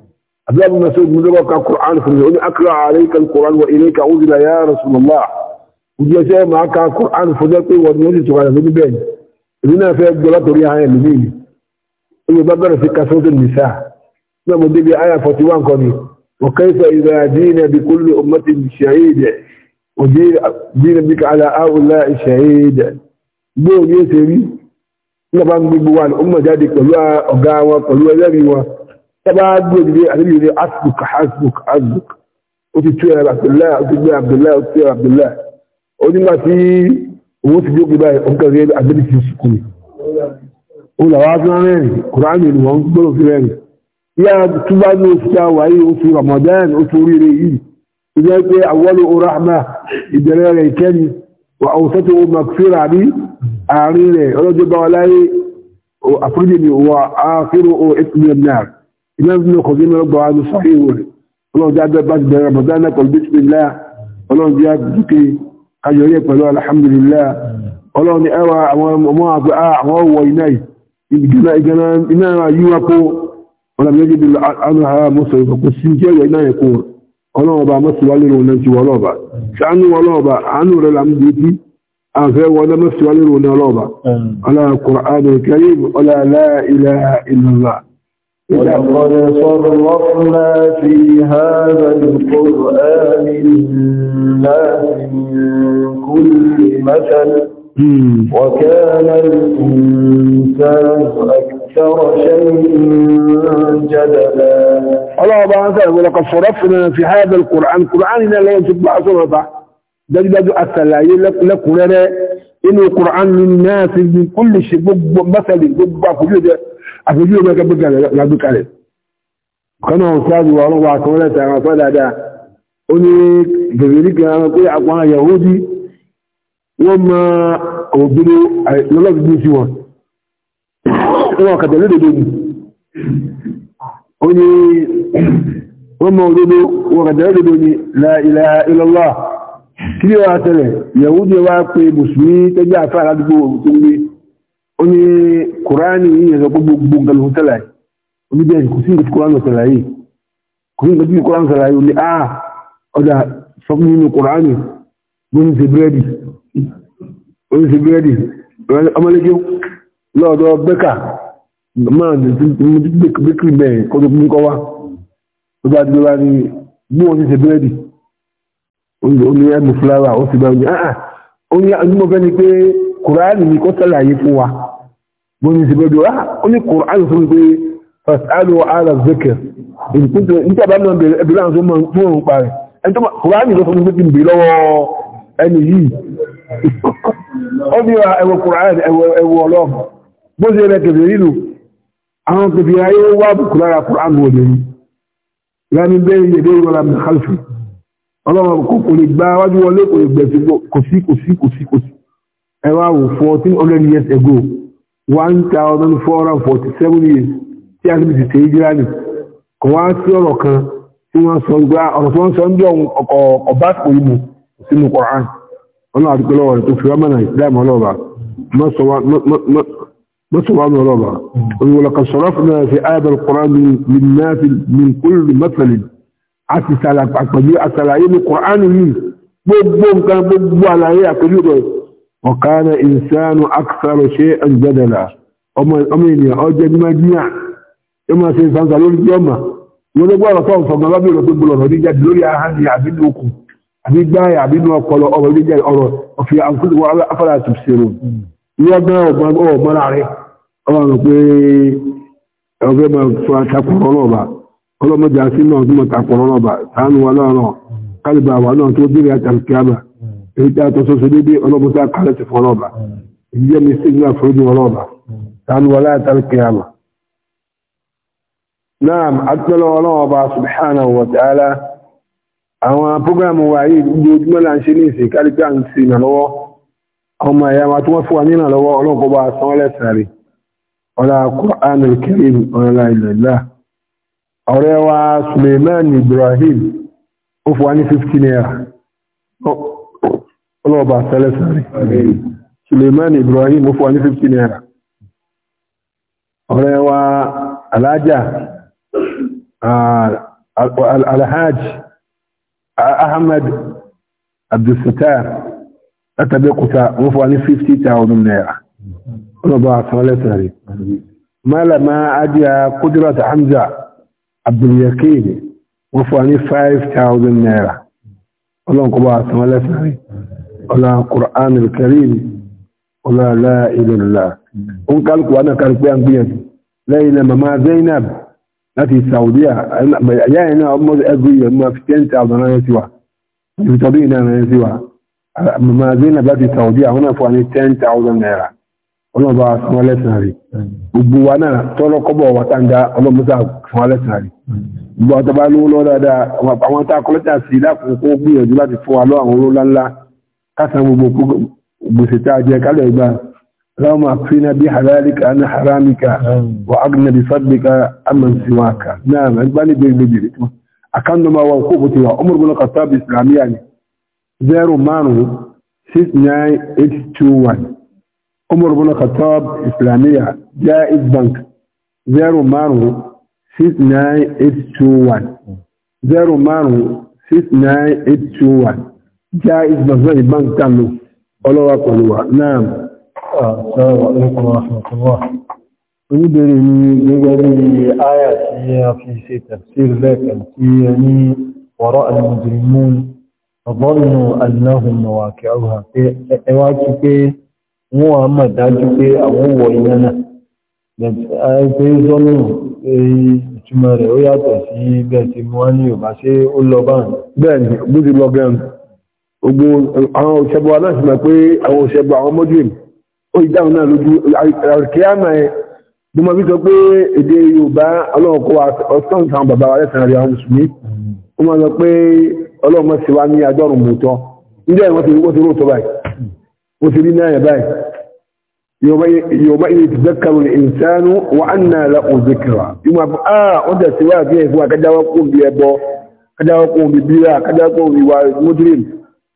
عبد الله بن مسعود من ذكر القرآن فمن أقرأ عليك القرآن وإليك أوزل يا رسول الله وجي سي ما كان القرآن فذكر ونجي تقال من بين هنا في عبد الله تريها هي لمين هي بقرة في كسوة النساء نعم دي بآية 41 قولي وكيف إذا جينا بكل أمة شهيد وجينا بك على هؤلاء شهيد بو يسري نبان بيبوان أمة جادي كلها أقاوة كلها ذريوة tẹ́bá gbòdìdé àdébí ilé asbuk asbuk asbuk ó ti tú ẹ̀rọ abdullahi ó ti gbé abdullahi ó ti tú ẹ̀rọ abdullahi ó nígbà tí owó ti jókòó báyìí ó ń kẹ́rẹ́ àdébí ti sùkú ni ó là wá fún rẹ́rìn kùránì ni wọ́n ń gbọ́dọ̀ fi rẹ́rìn ìyá túbá ní oṣù tá a wà yìí oṣù ramadan oṣù oríire yìí ó pé awwalu rahma ìbẹ̀rẹ̀ rẹ̀ kẹ́ni wà awsatu magfira bí àárín rẹ̀ ọlọ́jọ́ bá láyé àforíjì ni wà áfírò ìpínlẹ̀ náà imam ibn Khuzaymah ló gbà wá ní sọ́hìn wò rẹ̀ ọlọ́run jẹ́ abẹ́ bá ti bẹ̀rẹ̀ ramadan náà pẹ̀lú bismillah ọlọ́run jẹ́ dúkè ayọ̀yẹ pẹ̀lú alhamdulillah ọlọ́run ẹwà àwọn ọmọ àgbẹ̀ àwọn ọwọ́ iná ìgbìgbìnà ìgbìnà iná yíwá kó ọlọ́run méjì bí anu ha mọ́sọ̀ ìfọ̀ kò sí jẹ́ ìwà iná yẹn kó ọlọ́run ọba mọ́sọ̀ wálé rò náà ti wọ ọlọ́ọ̀ba ṣáánú ọlọ́ọ̀ba àánú rẹ̀
ولقد
صرفنا في هذا القرآن للناس من كل مثل وكان الإنسان أكثر شيء جدلا الله أبعا سأل ولقد صرفنا في هذا القرآن القرآن لا يتبع صرفة دجدج أسلاي لكنا إنه القرآن للناس من كل شيء مثل جبا فجوده àpèjú ọmọ ẹgbẹ́ gbẹ́gbẹ́ lágbékalẹ̀ kọ́nà ọ̀sáàdù wa ọlọ́wà kan lẹ́ta àwọn afẹ́ dáadáa ó ní gẹ̀rẹ́rí kan àwọn pé àwọn Yahudi wọ́n ma òbínú lọ́lọ́gbìn sí wọn wọn kàtẹ̀ lódodo ni ó ní wọ́n kàtẹ̀ lódodo ni ó ní kùránì yìí ẹ̀sọ́ gbogbo nǹkan ló tẹ́lá yìí ó ní bẹ́ẹ̀ kò sí nǹkan tí kùránì tẹ́lá yìí kò sí nǹkan tí kùránì tẹ́lá yìí ó ní áà ah, ọjà sọ fún nínú kùránì ló ń ṣe búrẹ́dì ó ń ṣe búrẹ́dì ọmọlẹ́jọ́ lọ́ọ̀dọ̀ bẹ́kà máa bẹ́kìrì bẹ́ẹ̀ kó tó kún kọ́ wá ó bá dúró wá ní bí wọ́n ti ṣe búrẹ́dì ó ní ẹ̀mú fúláwà ó sì bá ó ní áà ah, ah. ó ní àdúgbò bóni ti bẹ́ẹ̀ wá ó ní kùrán fún pé fasalu ala zikir ìpínlẹ̀ níta bá mọ̀ bẹ̀rẹ̀ ẹbí láwọn tó mọ̀ tó ń parí ẹni tó mọ̀ kùrán ló fún pé kí n bè lọ́wọ́ ẹni yìí ó ní wa ẹwọ kùrán ẹwọ ọlọ́mọ bó ṣe rẹ kẹfẹ rílu àwọn kẹfẹ ayé wá bùkù lára kùrán wò lè rí lámì bẹ́ẹ̀ yẹ bẹ́ẹ̀ wọ́n lámì kálífì ọlọ́mọ kò lè gbá wájú wọlé kò lè gbẹ̀sí kò sí kò sí kò sí kò sí ẹwà wò 1400 years ago 1447 years tí a ti ṣe ìjíránì kò wá sí ọ̀rọ̀ kan tí wọ́n sọ gbá ọ̀rọ̀ tí wọ́n sọ ń jọ ọba kò yí mu sínú Qur'an wọn náà àdúgbò lọ́wọ́ rẹ̀ tó fi wá mọ̀nà ìsìláàmù ọlọ́ọ̀bà mọ́sọ̀wá mi ọlọ́ọ̀bà olùwọ̀lọ́kà sọ̀rọ̀ fún náà fi ayàbẹ̀rẹ̀ Qur'an min náà min kulli mathalin a ti sàlàyé ní Qur'an yìí gbogbo nǹkan gbogbo àlàyé àpèjú rẹ̀ وكان إنسان أكثر شيئا جدلا أمين أجد مجمع كما سيسان قالوا الجمع wọ́n gbọ́ ọ̀rọ̀ tọ́wọ́ sọ̀gbọ́n lábẹ́ ìrọ̀ tó gbọ́lọ̀ ọ̀rọ̀ níjáde lórí ahán ní àbínú okùn àbí gbáyà àbínú ọpọlọ àkókò afárá pé ọgbẹ́ máa ọlọ́mọdé àti náà tó mọ̀ wa náà náà kálíbà wa náà èyí tí a tó sọ́sọ́ dédé ọlọ́bùsá kálẹ̀ ti fún ọlọ́ba ìyẹ́ mi sí ìgbà fúrúdì ọlọ́ba tánú wọlé àtàrí kìyàmà náà àtúnlọ ọlọ́ọba subhanahu wa ta'ala àwọn prógrámù wa yìí lójúmọ́ là ń ṣe ní ìsìn kálíkà ń sí ìrànlọ́wọ́ ọmọ ẹ̀yà wa tí wọ́n fún wa ní ìrànlọ́wọ́ ọlọ́kọ̀ọ́ba sanwó-ẹlẹ̀ ọlá Qur'an al-Karim ọlọ́lá ọ̀rẹ́ wa Suleiman Ibrahim ó fún wa ní 15 naira ọlọ́ọ̀bà tẹ́lẹ̀sàrí Suleiman Ibrahim ó fún wa ní 50 naira ọ̀rẹ́ wa alájà ah, alhaj Ahmed Abdulsatar látàbẹ́kúta ó fún wa ní 50,000 naira ọlọ́ọ̀bà tẹ́lẹ̀sàrí malama ajiya Kudrat Hamza Abdulyakin wọ́n fún wa ní 5,000 naira ọlọ́ọ̀kọ́bà tẹ́lẹ̀sàrí ọlá Qur'an al-Karim ọlá la ilaha illallah ó ń kálùkù wà náà kálùkù yà ń gbìyànjú lẹ́yìn náà mama Zainab láti Saudiya. àyà ẹ̀ náà almost every year máa fi ten thousand náírà sí wa ibi yìí náà náírà sí wa mama Zainab láti Saudiya, àwọn náà fún wa ní ten thousand naira ọlọ́ba fún wa lẹ́sìn rí gbogbo wa náà tọ́lọ́ kọ́bọ̀ wa tá ń dá ọlọ́mọsá fún wa lẹ́sìn rí gbogbo àtàbà lówó lọ́wọ́ àwọn tá a kọ́lẹ́tà sí gbìyànjú láti fún wa lọ́ àwọn olóńlá kásan gbogbo gbèsè tá a jẹ kálẹ̀ gbà اللهم اكفنا بحلالك عن حرامك واغنى بفضلك عمن سواك نعم بني بيجي اكن ما وقوبتي عمر بن الخطاب الاسلامي يعني 0969821 عمر بن الخطاب اسلاميه جائز بنك 0969821 0969821 جائز بزي بنك كانوا ọlọ́wà pẹ̀lú wa náà oníbèrè ni gẹ́gẹ́ bí ayà tí a fi ṣe tafsir lẹ́kàn tí a ní ọ̀rọ̀ al-mujrimun ọgbọ́nù aláhùn mọ̀wà kí a rúhà pé ẹwà kí pé wọ́n a mọ̀ dájú pé àwọn wọ iná náà pé zọ́nù ìtumọ̀ rẹ̀ ó yàtọ̀ sí bẹ́ẹ̀ tí wọ́n ní ò bá ṣe ó lọ báyìí gbogbo àwọn òṣèbọ aláṣẹ mọ̀ pé àwọn òṣèbọ àwọn mọ́dúrìm ó ìdáhùn náà lójú àríkíámà ẹ̀ bí mo fi sọ pé èdè Yorùbá ọlọ́ọ̀kọ́ ọ̀sán ìtàn bàbá wa lẹ́sàn rí àwọn mùsùlùmí ó máa sọ pé ọlọ́ọ̀mọ́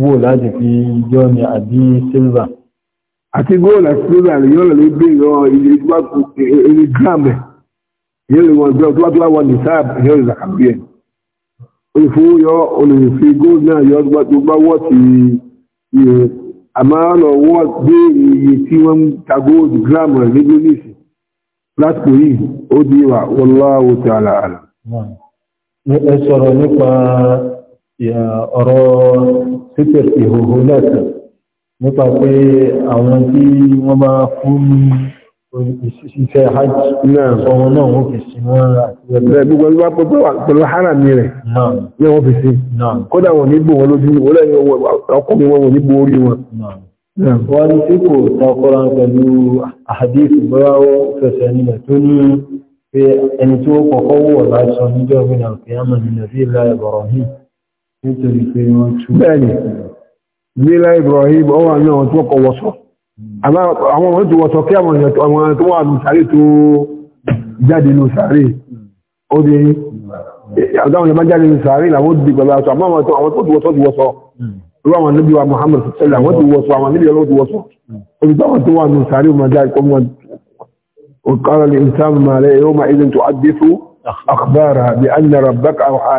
wò láti fi yọ́ ni àbí Silva àti góòlù àti silver rẹ̀ yọ́ lè bí ìrọ̀ ilé tó bá kú èrè gram ẹ̀ yóò lè wọ́n gbé ọ̀tọ́ tó bá wọ́n ní sáà yọ́ lè zàkà bí ẹ̀. olùfowó yọ olùfi góòlù náà yọ tó bá wọ́ ti iye àmọ́ lọ wọ́ béèrè iye tí wọ́n ń ta góòlù gram rẹ̀ nígbó lásìkò yìí ó di wà wallahu ta'ala. ẹ sọ̀rọ̀ nípa ọ̀rọ̀ títẹ̀ ìhòhò lẹ́sẹ̀ nípa pé àwọn tí wọ́n bá fún iṣẹ́ hajj ọmọ náà wọ́n fi sí wọ́n àti ẹgbẹ́ gbogbo ẹgbẹ́ pẹ̀lú pẹ̀lú hara mi rẹ̀ ní wọ́n fi sí kódà wọn ní gbò wọn lójú wọn lẹ́yìn ọkùnrin wọn ní gbò orí wọn. wọ́n ní tí kò takọ́ra pẹ̀lú àdéhùn bọ́lá ó fẹsẹ̀ ẹni tí ó kọ́kọ́ wọ̀ láti sọ níjọ́ ìgbìyànjú àmọ́ nílẹ̀ sí ìlà ìbọ̀rọ̀ nítorí pé wọ́n tún bẹ́ẹ̀ni nílá Ibrahim ó wà náà tó kọ wọ́sọ̀ àwọn ọmọ tó wọ́sọ̀ kí àwọn èèyàn àwọn tó wà ní sàárè tó jáde ní sàárè ó dé àwọn èèyàn bá jáde ní sàárè làwọn ti pẹ̀lú aṣọ àmọ́ àwọn tó ti wọ́sọ̀ ti wọ́sọ̀ irú àwọn níbi wa Muhammad sẹ́lẹ̀ àwọn ti الإنسان ما لا يومئذ تحدث أخبارها بأن ربك أوحى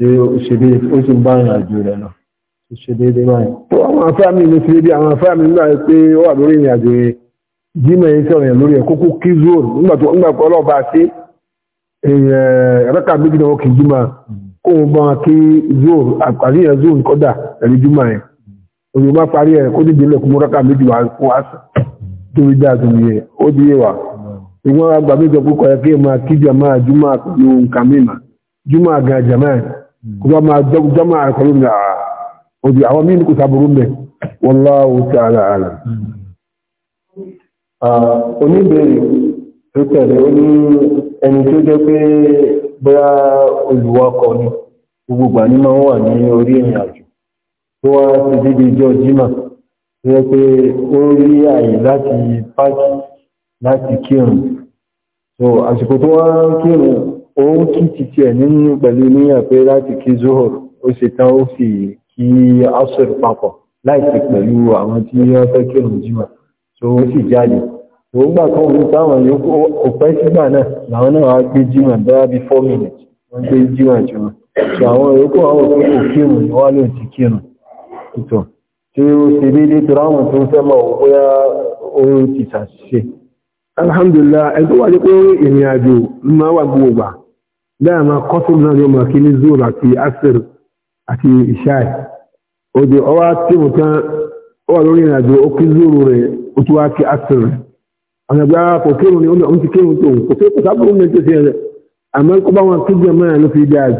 ṣe ṣe bí ó ṣe bá ìrìn àjò rẹ̀ lọ ṣe ṣe déédéé báyìí. tó àwọn afáàmì mi ti bí àwọn afáàmì nígbà pé ó wà lórí ìrìn àjò yẹn jimẹ yìí sọ̀rọ̀ yẹn lórí ẹ̀ kókó kí zoro nígbà tó nígbà pọ̀ ọlọ́ọ̀bá ṣe ẹ̀rẹ́ka méjì náà kì í jimá kó wọn bá wọn kí zoro àpàlí yẹn zoro kọ́dà ẹ̀rí jimá yẹn òyìnbó bá parí ẹ̀ kó níbi ilẹ̀kùn mọ́ráka méjì wá wa ìwọ́n àgbà méjọ kókó ẹ̀ kí ẹ̀ máa kí jàmáà jumá pẹ̀lú nǹkan mímà jumá gan jàmáà kó bá máa jọmọ́ àkọlù ní òdì àwọn míì kò sàbùrù mẹ́ wallahu ta'ala a'lam. oníbèrè tó tẹ̀lé ó ní ẹni tó jẹ́ pé bóyá olùwakọ̀ ni gbogbo ìgbà ní máa ń wà ní orí ìrìn àjò tó wá ti débi ìjọ jimá láti páàkì láti òun kí títí ẹ̀ nínú pẹ̀lú níyàn pé láti kí zuhur ó ṣe tán ó sì kí asr papọ̀ láìsí pẹ̀lú àwọn tí wọ́n fẹ́ kírun jímọ̀ tó ó sì jáde tó gbà kan òun táwọn yòókù òpẹ́ sígbà náà làwọn náà wá gbé jímọ̀ bẹ́ẹ̀ bí four minutes wọ́n gbé jímọ̀ jù wọn tó àwọn yòókù àwọn òpin kò kírun ni wọ́n lè ti kírun tó tí ó ṣe déédéé tó ráwọn tó ń fẹ́ mọ̀ bóyá ó ti ṣàṣìṣe. alhamdulillah ẹgbẹ́ wà ní pé ìrìn àjò máa wà gbogbo dáàmà kọ́sùn náà ni ó máa kí ní zoro àti asir àti ishai òde ọwá tí mo tán ó wà lórí ìrìnàjò ó kí zoro rẹ̀ ó tún wá kí asir rẹ̀ ọ̀nà ìgbà kò kírun ni ó ti tó kò sí kò sábà àmọ́ kó bá wọn kí ló fi jù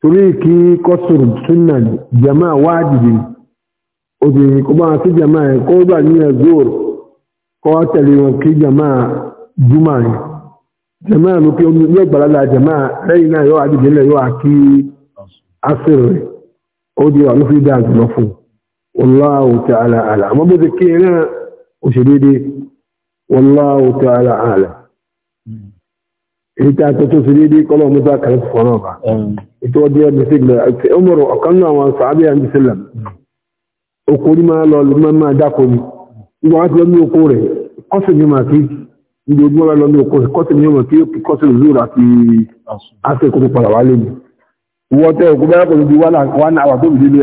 torí kí kó bá wọn kí kó gbà ní ẹ̀ zoro kó tẹ̀lé wọn kí jùmọ̀ Jamaa ló pé gbara gbàlálà jamaa lẹ́yìn náà yóò àdìjẹ́ lẹ̀ yóò a àṣírí rẹ̀ ó di àwọn fi dáa jùlọ fún wallahu ta'ala àmọ́ bó ti kí náà ó ṣe wallahu ta'ala àlà ìta tó ṣe kọ́lọ̀ mọ́ta kàrẹ́ fún ọ̀nà ọ̀bà níbi ojú ọ̀rẹ́ lọ ní òkú kọ́sì ní ìwọ̀n tí ó kọ́sì zúrù àti àṣekò tó padà wálé ni wọ́n tẹ́ òkú bẹ́rẹ̀ pẹ̀lú bí wà náà wà tó bìí lé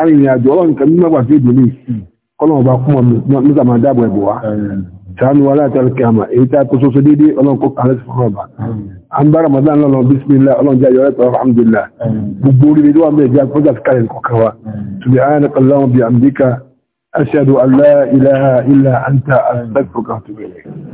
arìnrìn àjò ọlọ́run nǹkan mímọ́ gbà tí ó délé hmm. kọ́lọ̀ ọba kún ọmọ nígbà máa dáàbò ẹ̀bù wa sàánú wa láti ẹ̀rọ kẹàmà èyí أشهد أن لا إله إلا أنت أستغفرك وأتوب إليك